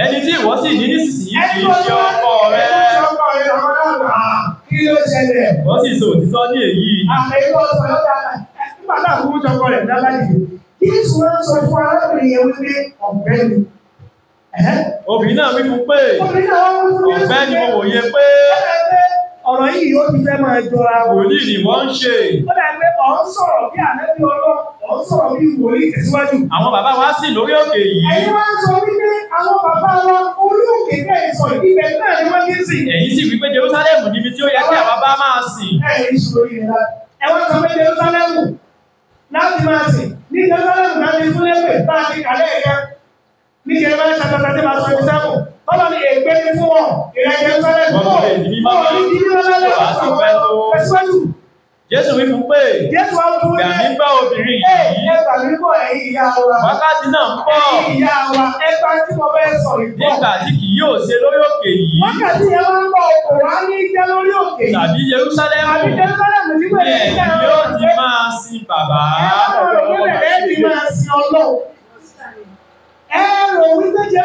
Ẹni tí ìwọ sì ní nísinsìnyí kì í ṣe ọkọ rẹ. Ẹni tó ń ṣe ọkọ rẹ, àwọn náà kí ló ṣẹlẹ̀? Wọ́n sì sọ òtítọ́ ní èyí. Àmì ìwọ sọ̀rọ̀ dáadáa nígbà tá àbúrò jọkọ rẹ̀ lálàyé Jésù wọn sọ fún arábìnrin yẹn wípé ọ̀gbẹ́ni. Obìnrin náà wí fún pé ọ̀gbẹ́ni mo wòye pé ọ̀rọ̀ yìí ó ti fẹ́ máa jọra wò. Wòlíì ni wọ́n ń ṣe. Ó dà pé ọ̀ ń sọ̀rọ̀ bí ànábì ọlọ́run, ọ̀ ń sọ̀rọ̀ bí wòlíì tẹ̀síwájú. Àwọn bàbá wa sì lórí òkè yìí. Ẹ̀yin máa ń sọ wípé àwọn bàbá wa orí òkè bẹ́ẹ̀ sọ ìbíbẹ̀ náà ni wọ́n ti ń sìn. Ẹ̀yin sì wípé Jerusalem níbi tí ó yẹ kí àwa máa sìn. Ẹ̀yin sọ láti máa sìn ní ìjọsọ́lọ́rùn láti fún lẹ́pẹ̀ bá a ti kàlẹ́ ẹ̀yẹ ní ìjọba ṣàtàtà tí máa sọ ẹni sáàbù ọlọ́ ni ègbé ní fún wọn ìrẹ́jẹ sọ́lẹ̀ Jésù wí fún pé Jésù wá fún pé gbàmí gbá obìnrin yìí. Ẹ gbàmí bọ̀ ẹ̀yin ìyá wa. Wákàtí náà ń bọ̀. Ẹ̀yin ìyá wa ẹgbà tí mo fẹ́ sọ ìbọ̀. Nígbà tí kì yóò ṣe lórí òkè yìí. Wákàtí yẹn máa ń bọ̀ kò wá ní jẹ́ lórí òkè yìí. Tàbí Yerúsálẹ́mù. Tàbí Yerúsálẹ́mù nígbà tí ìyá wa. Yóò ti máa sin bàbá. Ẹ máa sin Ọlọ́run. Ẹ rò wípé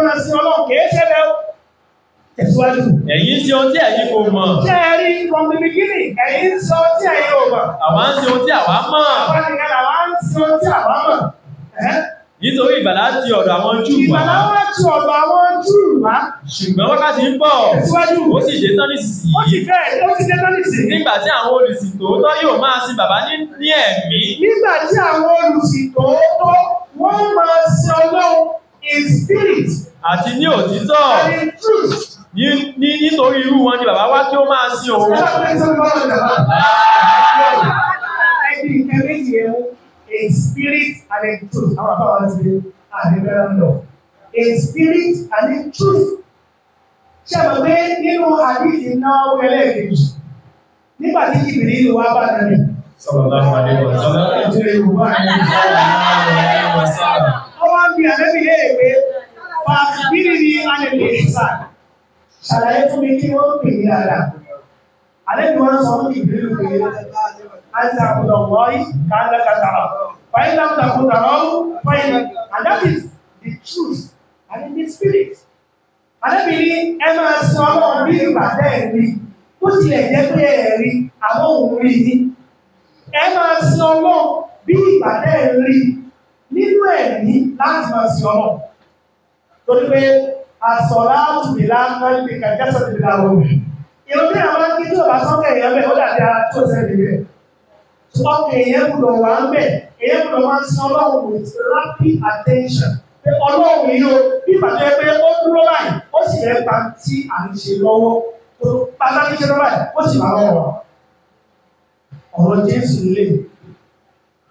máa sin Ọlọ́run Ẹ̀síwájú. Ẹ̀yin ṣe ohun tí ẹ̀yin kò mọ̀. Ṣé ẹ rí from the beginning? Ẹ̀yin ṣe ohun tí ẹ̀yin ò mọ̀. Àwa ń ṣe ohun tí àwa mọ̀. Àwa nìkan làwa ń ṣe ohun tí àwa mọ̀. Nítorí ìbàlá ti ọ̀dọ̀ àwọn Júù wá. Ìbàlá wá ti ọ̀dọ̀ àwọn Júù wá. Ṣùgbọ́n wákàtí ń bọ̀. Ẹ̀síwájú. Ó sì dé tán nísinsìnyí. Ó sì bẹ́ẹ̀ ó sì dé tán nísinsìnyí. Nígbà tí àwọn olùsìn tòótọ́ yóò máa sin bàbá ní ẹ̀mí. Nígbà tí àwọn olùsìn tòótọ́ wọ́n máa sin Ọlọ́run in spirit. Àti ní òtítọ́. And in truth nítorí irú wọn ni bàbá wá kí ó máa sin òun. A spirit and a truth. Àwọn àbá wa ti àdé bẹ́rẹ̀ ń lọ. A spirit and a truth. Ṣé àmọ́ pé nínú àdìsí náà wẹlé kejì? Nígbà tí ìbìrì ìlú wa bá nàní. Sọ̀rọ̀lá Fadé wọ̀ sọ́dọ̀. Ìjọba Yorùbá ni wọ́n wá ń bí àlẹ́ mi léèrè pé, "Fàbílì ni a lè lè sàn." ṣàlàyé fún mi kí wọ́n pè ní dáadáa. Àlejò wọn sọ fún ìbílẹ̀ pé àti àkùdọ̀ wọ́ọ́yì kálẹ́kàtà ọ̀rọ̀. Fine laughter comes around, fine. And that is the truth and in the spirit. Arábìnrin ẹ máa sọ ọlọ́run bí ìgbà bẹ́ẹ̀ rí, bó tilẹ̀ jẹ́ pé ẹ rí, àmọ́ òun rí ni. Ẹ máa sọ ọlọ́run bí ìgbà bẹ́ẹ̀ rí nínú ẹ̀mí asọ̀láàtù bìlá ńlọ́lì bí kàjásọ̀ ti bìlá wọn. Ìrún tí àwọn kí tí ò bá sọ́kẹ̀ èèyàn bẹ̀ ó dàbí ara tí ó sẹ́ni bẹ̀. Sọ́kẹ̀ èèyàn gbọ́dọ̀ wà ń bẹ̀, èèyàn gbọ́dọ̀ máa ń sin ọlọ́run with rapid attention. Pé ọlọ́run yìí o, bí pàtó yẹ pé ó dúró báyìí, ó sì rẹ̀ pa tí à ń ṣe lọ́wọ́. Pàtàkì ṣe lọ́wọ́ báyìí, ó sì máa lọ́wọ́. Ọ̀rọ̀ Jésù lè.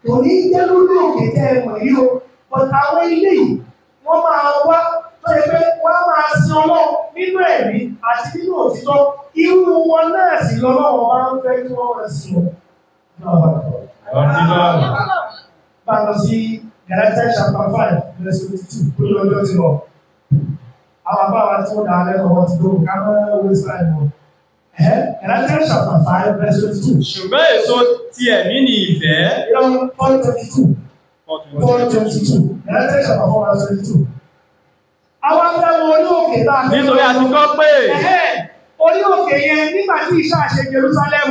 Tòní jẹ́ lórí òkè tẹ́ ẹ mọ̀ yìí o, bọ̀t àwọn ilé yìí, wọ́n máa wá ó pé wọ́n máa sin ọlọ́run nínú ẹ̀mí àti nínú òtítọ́ irú wọn náà sì lọ́lọ́wọ́ máa ń fẹ́ kí wọ́n máa sin wọn. bá sí Galatians chapter five verse twenty two ó lọ ọjọ́ ti lọ àwọn abáwa tí wọ́n dáa lẹ́kọ̀ọ́ wọn ti dóhùn ká máa wé sáà ìmọ̀. Galatians chapter five verse twenty two. ṣùgbọ́n èso ti ẹ̀mí ni ìfẹ́. four twenty two. four twenty two. Galatians chapter four verse twenty two. Àwọn afẹ́wọ̀ orí òkè tá a fẹ́. Nítorí a ti gbọ́ pé. Orí òkè yẹn nígbà tí ìṣá ṣe Jerusalem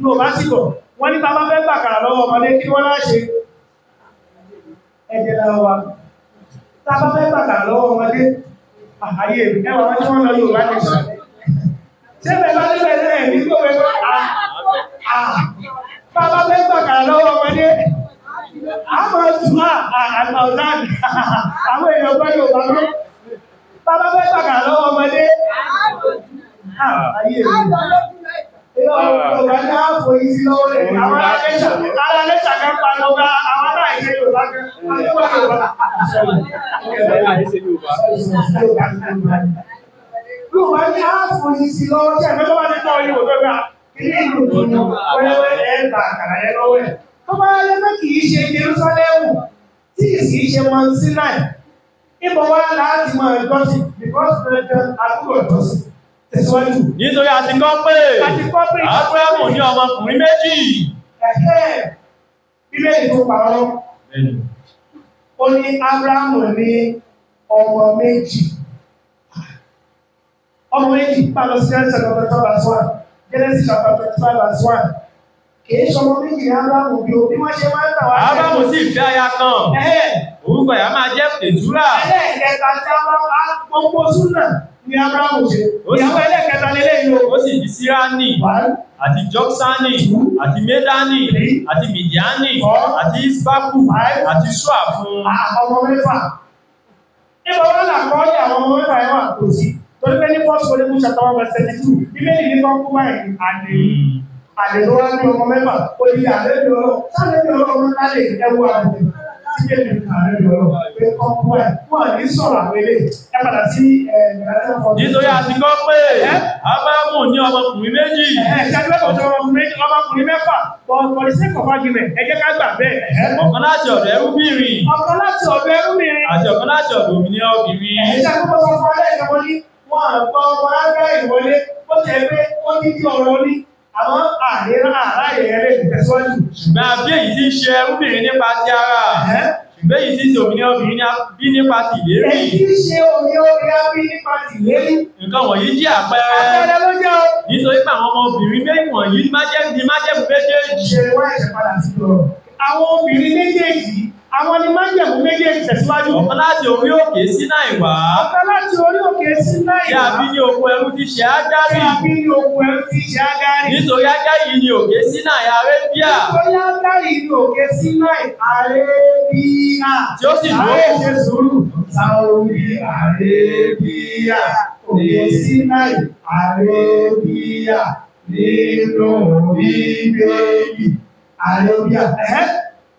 ní ò bá sì bọ̀. Wọ́n ní bàbá fẹ́ gbàkàrà lọ́wọ́ ọmọdé kí wọ́n náà ṣe. Ẹ̀jẹ̀ lára wa. Tábà fẹ́ gbàkàrà lọ́wọ́ ọmọdé. Àyè ẹwà wọn tí wọ́n lọ Yorùbá ní sọ. Ṣé bá Bàbá fẹ́ gbàgà lọ́wọ́ ọmọdé. Ah. Ah, ayé mi. Ah. Yorùbá ní àpò yìí sí lọ́wọ́ rẹ̀. Àwọn alẹ́ṣà kan pa lọ́gbà, àwọn aláìṣẹ́ Yorùbá kan. Àwọn Yorùbá. Yorùbá ní àpò yìí sí lọ́wọ́ rẹ̀. Mẹ́tọ́ bá ti tọ́ yìí wò tó gbà. Ilé ìlú tó ní wẹ́wẹ́ ẹ̀ ń ta àkàrà ẹ̀ lọ́wọ́ ẹ̀. Tó bá yẹ kí kì í ṣe Jerúsálẹ́mù, tí ì sì í ṣe Ibọ̀ wá láti mọ̀ ẹ̀gbọ́sí because ẹ̀gbọ́n àbúrò ẹ̀gbọ́sí. Tẹ̀síwájú. Nítorí a ti kọ́ pé Ábúrámù ní ọmọkùnrin méjì. Ẹ̀kẹ́ Bíbélì tó parọ́. Ó ní Ábúrámù ní ọmọ méjì. Ọmọ méjì pàlọ́ sí ẹ̀sẹ̀ lọ́dọ̀ tó bá tó wà. Genesis chapter twenty five verse one kì í sọmọ méjì ní Ábúrámù bí o bí wọ́n ṣe máa ń tà wá. Ábúrámù sì fẹ́ aya kan orúkọ yà máa jẹ́ pèjúrà. ẹlẹ́ẹ̀kẹta tí a bá bá gbogbo súnà ní abrahamu ṣe ìyàwó ẹlẹ́ẹ̀kẹta lélẹ́yìn o. ó sì di sírani àti jọ́sánì àti mẹ́dánì àti mìdíánì àti isbaku àti suafun. ọmọ mẹ́fà níbo wọn là kọ́ ọ́yà àwọn ọmọ mẹ́fà yẹn wà kò sí torí pé ní first Corinthians chapter one verse thirty two bíbélì ní kọ́kú báyìí àdéhùn hmm. àdéhùn wá ní ọmọ mẹ́fà ó di àdéhùn ọ̀rọ̀ sáré ní ọmọ mẹ́fà lè ẹwú Nítorí a ti gbọ́ pé Ábáàmù ní ọmọkùnrin méjì. Ọmọkùnrin mẹ́fà. For the sake of argument, ẹ jẹ́ ká gbà bẹ́ẹ̀. Ọ̀kan láti ọ̀dọ̀ ẹrúbìnrin. Ọ̀kan láti ọ̀dọ̀ ẹrúbìnrin. Àti ọ̀kan láti ọ̀dọ̀ òmìnira obìnrin. Ẹ̀yin tí a kọ́kọ́ sọ fún alẹ́ ìjọba ní wọn àgbọ̀ ọmọ aráàlú ìwọlé ó jẹ́ pé wọ́n ní kí ọ̀rọ̀ ní àwọn àríra àráyè rẹ̀ tẹ̀síwájú. Ṣùgbọ́n àbí èyí ti ń ṣe ẹrúbìnrin nípa ti ara. Bẹ́yìí tí ṣe òmìnira obìnrin bí nípa ti ìlérí. Èyí tí ṣe òmìnira obìnrin bí nípa ti ìlérí. Nǹkan wọ̀nyí jẹ́ àpẹẹrẹ. Àpẹẹrẹ ló jẹ́ o. Nítorí pé àwọn ọmọbìnrin méjì wọ̀nyí májẹ̀mú méjèèjì. Ṣé wọ́n ẹ̀ṣẹ̀ padà sí lọ? Àwọn obìnrin méjèèjì àwọn ni máa ń jẹ̀mú méjèèjì tẹ̀síwájú. ọ̀kan láti orí òkè Sínáì wá. ọ̀kan láti orí òkè Sínáì wá. kí a bí ní oko ẹrú ti ṣe ágárì. kí a bí ní oko ẹrú ti ṣe ágárì. nítorí ágárì ni òkè Sínáì Arébíà. nítorí ágárì ni òkè Sínáì Arébíà. tí ó sì lò ó. ṣe sùúrù. Sáwọ́rí Arébíà. òkè Sínáì Arébíà. nínú bíbélì Arébíà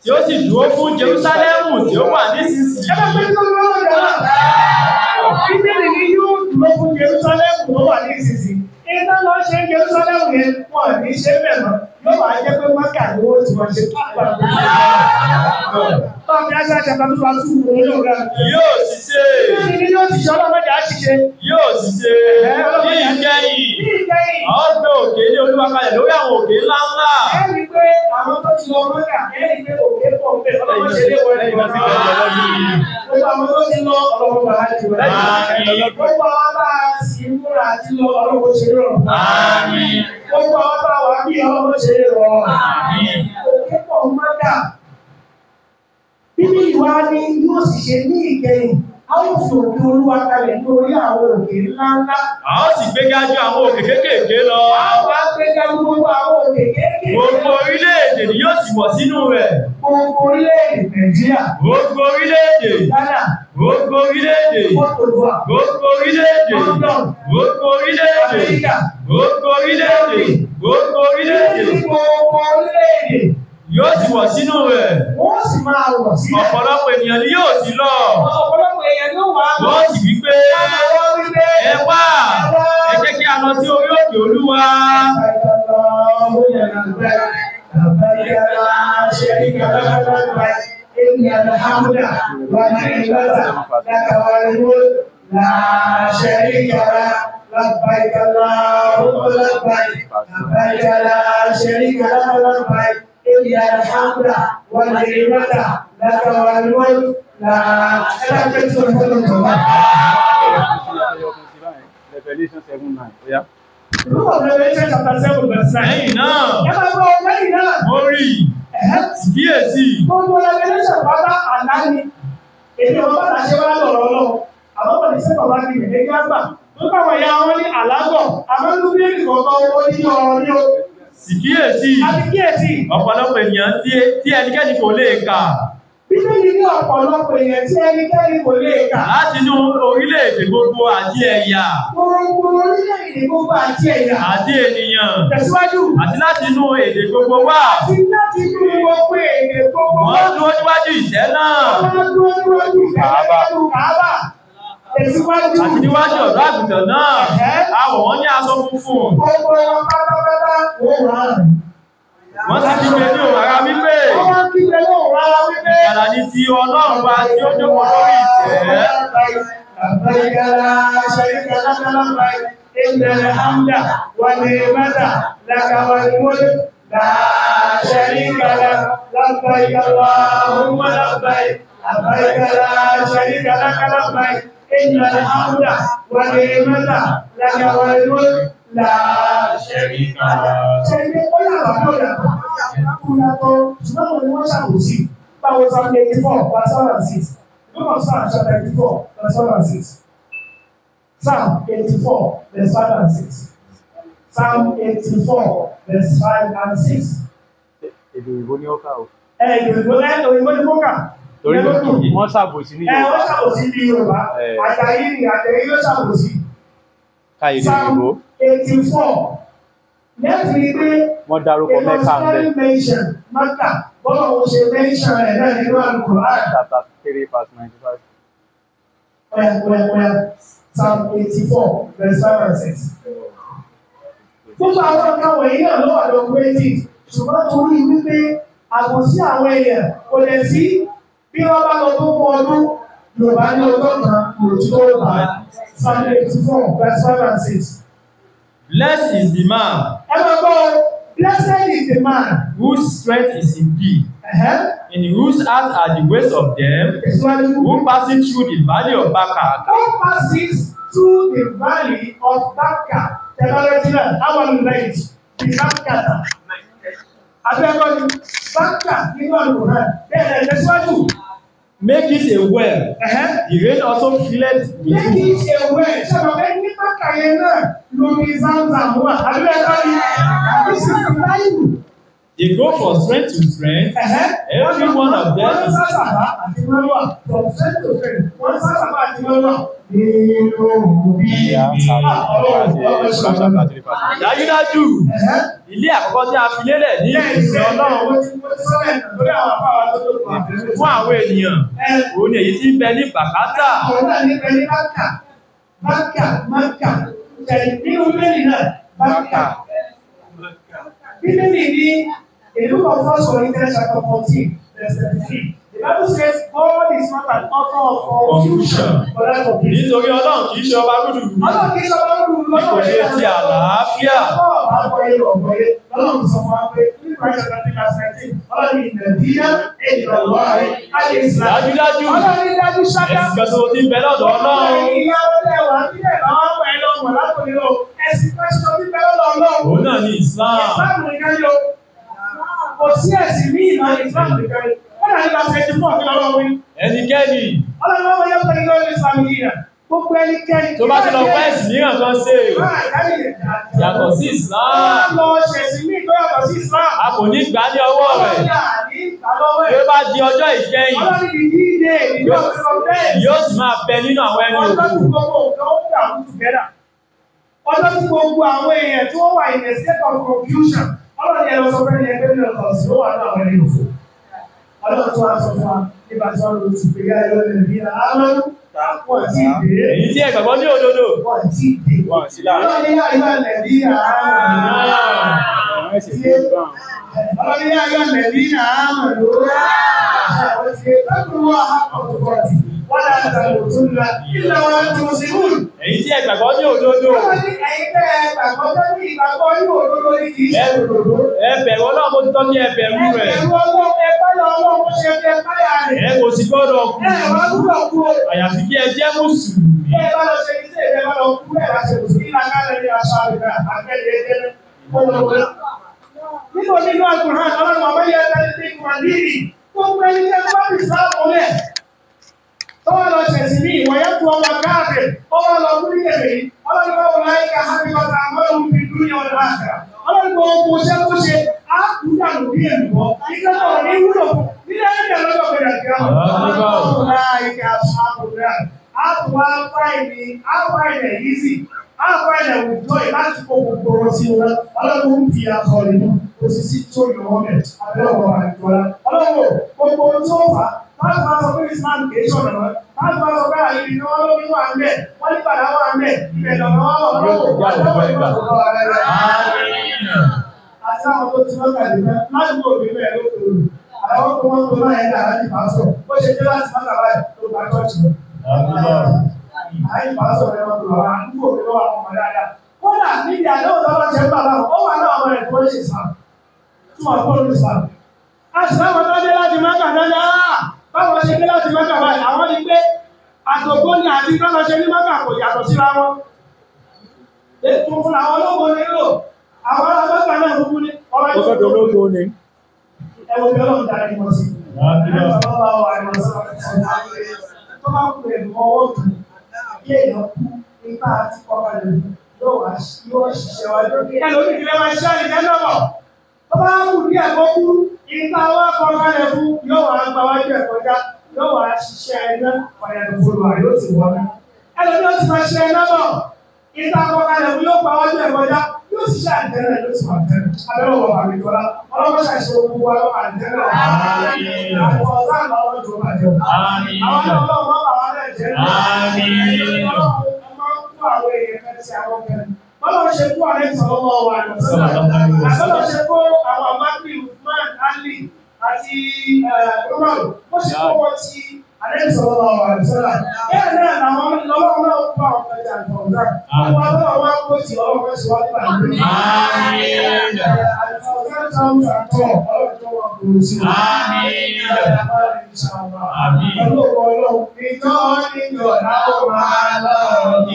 tí ó sì dúró fún Jerúsálẹ́mù tí ó wà nísinsìnyí. ẹ bá pẹ́ tó lọ́wọ́ rẹ̀ bíbélì ni yóò dúró fún Jerúsálẹ́mù tó wà nísinsìnyí. ìtàn lọ ṣe Jerúsálẹ́mù yẹn wọ́n ní ṣe bẹ́ẹ̀ náà lọ́wọ́ ajẹ́ pé mọ́kà ni wọ́n ti wọ́n ṣe pápá ọ̀gbìn. Báwo ni aṣọ àti àbámu bá tún wò ló rẹ̀? Yóò sì ṣe. Kí ni yóò ti ṣe ọlọ́mọdé á ṣiṣe? Yóò sì ṣe. Ní ìkẹyìn. Ní ìkẹyìn. Ọ̀gbẹ́ òkè ní olúwa kalẹ̀ lórí àwọn òkè ńlá ńlá. Ẹ rí i pé àwọn tó ti rọrùn. Bíbélì wa ni yóò sì ṣe ní ìkẹyìn. A ó sọ òkè olúwa kalẹ̀ lórí àwọn òkè ńláńlá. A ó sì gbéga ju àwọn òkè kéékèèké lọ. A wá gbéga ju gbogbo àwọn òkè kéékèèké. Gbogbo orílẹ̀-èdè ni yóò sì wọ̀ sínú rẹ̀. Gbogbo orílẹ̀-èdè Nàìjíríà. Gbogbo orílẹ̀-èdè. Ghana. Gbogbo orílẹ̀-èdè. Gbogbo orílẹ̀-èdè. Gbogbo orílẹ̀-èdè. Gbogbo orílẹ̀-èdè. Gbogbo orílẹ̀-èdè. Gbogbo orílẹ̀-èdè yóò sì wọ̀ sínú rẹ̀. wọ́n sì máa wọ̀ sílẹ̀. ọ̀pọ̀lọpọ̀ ènìyàn ni yóò sì lọ. ọ̀pọ̀lọpọ̀ èèyàn ló wà. yóò sì wí ẹ wá ẹ jẹ́ kí a lọ sí orí òkè olúwa. لا شريك لك لبيك اللهم لبيك لبيك لا شريك لك لبيك إن الحمد والنعمة لك والملك لا شك سلطانك Revelation 7:9. 9. Ìkíyèsí. Àbíkíyèsí. Ọ̀pọ̀lọpọ̀ ènìyàn e, tí ẹnikẹ́ni kò lè kà. Bíbélì ní ọ̀pọ̀lọpọ̀ èèyàn tí ẹnikẹ́ni kò lè kà. Láti inú orílẹ̀-èdè gbogbo àti ẹ̀yà. Gbogbo orílẹ̀-èdè gbogbo àti ẹ̀yà. Àti ènìyàn. Tẹ̀síwájú. Àti láti inú èdè gbogbo wá. Àti láti inú gbogbo èdè gbogbo wá. Wọ́n dúró níwájú ìtẹ́ náà. Wọ́n dúró níwájú ìtẹ́ náà. Kàábà. Àti níwájú ọ̀dọ́ àgùntàn náà, àwọ̀ wọ́n ní aṣọ funfun. Wọ́n ti kí pé ní òun ara wípé. Ìyàrá ni ti Ọlọ́run wa tí ó jókòó lórí ìtẹ́. Àbáyíkálá ṣàríkà lákàlámbá ìlẹ̀ àmdà wà ní mẹ́ta lákàwà ní mọ́lẹ̀. لا شريك لك لبيك اللهم لبيك لبيك لا شريك لك لبيك إن الحمد والنعمة لك والملك لا شريك لك. Báwo sọ pé eighty four plus one and six? Báwo sọ àṣọ eighty four plus one and six? Psalm 84, verse 5 and 6. Psalm 84, verse 5 and 6. Èdè òyìnbó ni ó kà o. Èdè òyìnbó ni ó kà torí wọ́n ṣàbòsí ní Yorùbá wọ́n ṣàbòsí ní Yorùbá àtàyí ni àtàyí yóò ṣàbòsí káyìí ní Yorùbá 84 lẹ́fì pé wọ́n dárúkọ mẹ́kà ń bẹ mẹ́kà bọ́lá wo ṣe mẹ́ṣàn rẹ̀ náà nínú àlùkò láàrín chapter 3 verse 95 pẹ́ẹ́pẹ́ẹ́pẹ́ psalm 84 verse 5 and 6 gbogbo àwọn nǹkan wọ̀nyí náà ló wà lọ́kùnrin ṣùgbọ́n torí wípé àbòsí àwọn èèyàn kò lè sí bí wọ́n bá lọ tó fún ọdún yorùbá ní ọgọ́ta òtún ó bá eighty four verse five and six. blessed is the man. ẹ máa gbọ́ blessed is the man. whose strength is in thee. Uh-huh. In whose heart are the ways of them who passes through the valley of Baca. Who passes through the valley of Baca? Tẹ̀lọ́rẹ́tì náà, how am I right? The Baca náà. Abẹ́gbọ́n Baca nínú àlùkò náà, bẹ́ẹ̀ ni Make it a well. Uh-huh. The rain also filled with Make it a well. Ṣọlá pé ní bàkàyẹ náà lómi zamzam wà. Àbúrò ẹ̀ka ni àbúrò ṣe láìwù. They go from strength to strength. Uh-huh. Every one of them Wọ́n sábà àti wọ́n From strength to strength. Wọ́n sábà àti wọ́n Dájúdájú, ilé àkọ́kọ́ tí a fi lélẹ̀ ní ìsìn Ọlọ́run fún àwọn ènìyàn, òun ni èyí tí ń bẹ ní Bàkátà. Bàkà, Bàkà, tẹ̀lé ní orílẹ̀-èdè náà, Bàkà. Bíbélì ní èlú kan fọ́sùn ní Tẹ́lẹ̀ṣàkọ́ 14, Bible says God is not an author of all confusion. Nítorí Ọlọ́run kì í ṣe ọba rúdurùdu. Ọlọ́run kì í ṣe ọba rúdurùdu lọ́wọ́ rẹ̀. Ìkòṣe ti àlàáfíà. Ọlọ́run àgbọ̀yé ọ̀gbọ̀yé. Ọlọ́run sọ fún wa pé nínú Christ of Antica Saintin, Ọlọ́run ìnàdíyà èèyàn lọ́rẹ̀ ayé ìsìlá. Dájúdájú. Ọlọ́run dájú ṣáká. Ẹ̀sìn kan tó ti bẹ lọ́dọ̀ Ọlọ́run. Ìyá ọlẹ́ wà nílẹ̀ lọ́wọ́ ẹ̀ lọ́wọ́ lápòlélọ́. Ẹ̀sìn kan tó ti bẹ lọ́dọ̀ Ọlọ́run. Òun náà ni Ìsìlámù. Ìsìlámù nìkan yóò. Kò sí ẹ̀sìn ní ìmọ̀ Ìsìlámù nìkan yóò. Quran chapter twenty four kí lọ́wọ́ wí. Ẹnikẹ́ni. Ọlọ́run wọn yóò pẹ̀lú lórí ìsàmì yìí rẹ̀. Gbogbo ẹnikẹ́ni. Tó bá ti lọ fẹ́ ẹ̀sìn mìíràn kan ṣe èrò. Yàtọ̀ sí Islam. Wọ́n lọ ṣẹ̀sìn ní ìgbọ́ yàtọ̀ sí Islam. A kò ní gbà ní ọwọ́ rẹ̀. Bí ó bá di ọjọ́ ìkẹyìn. Yóò sì máa bẹ nínú àwọn ẹni òkú ọjọ́ tí gbogbo àwọn èèyàn tí wọ́n wà in a state of confusion ọlọ́run yẹn lọ sọ fẹ́ ni ẹgbẹ́ mi lọ kàn sí ó wà ní àwọn ẹni òfò ọlọ́run tó wá sọ fún wa nípa tí wọ́n lò sí pé yá ẹ̀rọ ilẹ̀ bí wọ́n ti dé. èyí tí ẹ̀gbàgbọ́ òdodo. wọ́n ti dé. wọ́n ti là. ọlọ́run ní àyíká ilẹ̀ bí àmọ́. ọlọ́run ní àyíká ilẹ̀ bí àmọ́ ló. ọ̀sẹ̀ òṣèlú wa kọ̀ tó tàmùtúnna ìlà wọn ti mú mo ti tọ́ ní ẹbẹ̀rù rẹ̀. ẹ bẹ̀rù gbọ́dọ̀ kú. àyàfi kí ẹ jẹ́ mùsùlùmí. bí ṣe iṣẹ́ ẹ kú ẹ bá ṣe mùsùlùmí lákàlẹ̀ ní aṣọ àgbẹ̀ àgbẹ̀lẹ̀ ẹgbẹ̀rẹ̀ nítorí inú àgùnrán ọlọ́run àbáyé ẹgbẹ́ ní kùmàdírì tó ń gbé ní bá bìí sáà tọ́wọ́ lọ ṣẹ̀sìn ní ìwọ̀nyẹ́ tó ọmọ káàdì ọmọ lọ múlí èmi ọlọ́dún bá wọlé ayé ká hábí bàtà àmọ́lù fi dúró ní ọ̀dà àkàrà ọlọ́dún bá wọn kó ṣe kó ṣe á kú dànù bí èmi bọ́ nígbà tó ní wúlò nílẹ̀ ẹ̀jẹ̀ lọ́dọ̀ gbẹ̀dẹ̀ kíá ọlọ́dún bá wọlé ayé ká àwọn ẹ̀rẹ̀ òjò yìí láti kó gbogbo wọn sí wọn ọlọ́run ń fi akọ nínú òṣìṣì tó yọ wọn bẹ̀ abẹ́wọ̀ àjọra ọlọ́run gbogbo tó fà láti máa sọ pé Islam kì í sọ̀rọ̀ wọn láti máa sọ pé àyè ni wọn lórí wà ń bẹ̀ wọ́n ní padà wà ń bẹ̀ ibẹ̀ lọ́nà wọn wà lọ́wọ́ àtàwọn ìgbà tó lọ́wọ́ rẹ̀ rẹ̀ àti àwọn tó ti wọ́n kàdé mẹ́ láti kó òbí mẹ́ lókòrò àwọn tó wọ́n tó láyé àyè máa sọ̀rọ̀ ẹ̀rọ tó lọ́wọ́ àti òkè lọ́wọ́ àwọn ọmọ dáadáa. kódà níbi àdéhùn tó wọ́n ṣe ń bàbá ó wà náà ọmọ rẹ̀ tó lè sàn tí wọ́n kó lè sàn. a sì náà wọ́n dájẹ́ láti mẹ́ta dájẹ́ á báwọn ṣe dé láti mẹ́ta báyìí àwọn ni pé àtòkó ni àti báwọn ṣe ní mẹ́ta kò yàtọ̀ síra wọn. ètò fún àwọn ológun ni lò àwọn alábẹ́ta náà kúkú ni ọlọ́yìn ẹwọ bí ọlọ́run dára ní wọn sí. Ẹ̀rọ bá wà ní wọn kí èèyàn kú nípa àti kọ́kọ́ lè mú yóò wá yóò ṣiṣẹ́ wa lórí ẹ̀. ẹlòmí ìdílé wa ṣe àlìjẹ́ náà bọ̀ ó bá wù ní ẹ̀kọ́ kú nípa wa kọ́kọ́ lè mú yóò wá gba wájú ẹ̀ kọjá yóò wá ṣiṣẹ́ iná ọ̀yà ìfowópamọ́ yóò ti wọ́n. ẹlòmí ó ti máa ṣe iná bọ̀ nípa kọ́kọ́ lè mú yóò gba wájú ẹ̀ kọjá yóò sì ṣe àǹtẹ̀rẹ̀ rẹ̀ lóṣù àǹtẹ̀rẹ̀ abẹ́rẹ́ wọ̀ àmìkọ́lá ọlọ́mọ ṣàṣẹ ogun wa lọ́wọ́ àǹtẹ̀rẹ̀ rẹ̀ àwọn ọ̀gá àgbà wọn jọ bàjẹ́ àwọn ọlọ́mọ ọmọ àwọn náà jẹ́ ọlọ́mọ kú àwọn èèyàn fẹ́ ti àwọn kẹrin bọ́lá ṣe kú àrẹ ìsọ̀lọ́mọ wa àtọ́lọ́ ṣe kó àwọn àmákì Usman Ali àti Umar ó ṣe ale sọ̀rọ̀ ma wà sọlá bẹ́ẹ̀ náà làwọn lọ́wọ́ náà ń pa ọkọ ìjà ìfọwọdà àwọn abẹ́wà wa ń kó tiwọn wọn fẹsẹ̀ wọn nípa ìlú. àmín. àìsàn ọ̀gá ń ta tọ̀ ọ̀rọ̀ tó wà kúrò sí i. àmín. àmín. olówó olówó ìjọ níjọ làwọn máa lọ.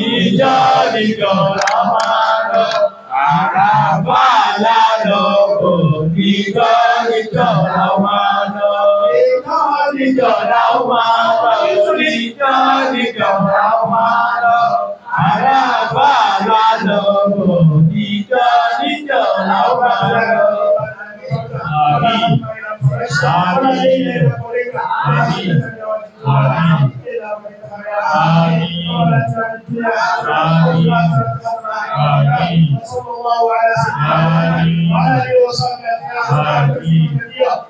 ìjọ níjọ làwọn máa lọ. àràbà lálọ́ òní ìjọ níjọ làwọn máa lọ níjọ̀dá ó máa lọ oníjọ́ níjọ̀dá ó máa lọ aláàbá lọ lọ ìjọ níjọ̀dá ó máa lọ. Àmín. Àmín. Àmín. Àmín. آمين آمين آمين آمين آمين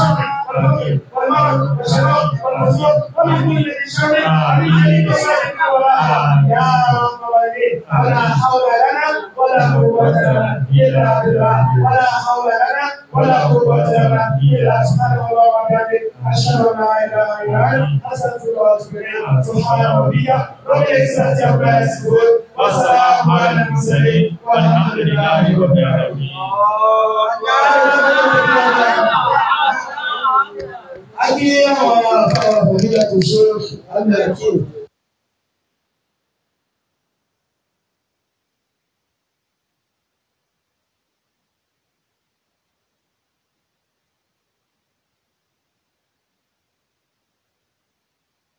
الشر والفقر والمرض والشباب والفسوق ومن كل شر ومن كل شر ولا يا رب العالمين ولا حول لنا ولا قوة لنا إلا بالله ولا حول لنا ولا قوة لنا إلا سبحانه الله وبحمده أشهد أن لا إله إلا أنت أستغفرك وأتوب إليك سبحان ربك رب العزة عما يصفون والسلام على المرسلين والحمد لله رب العالمين. Aqui é uma família do Júlio, a minha tia.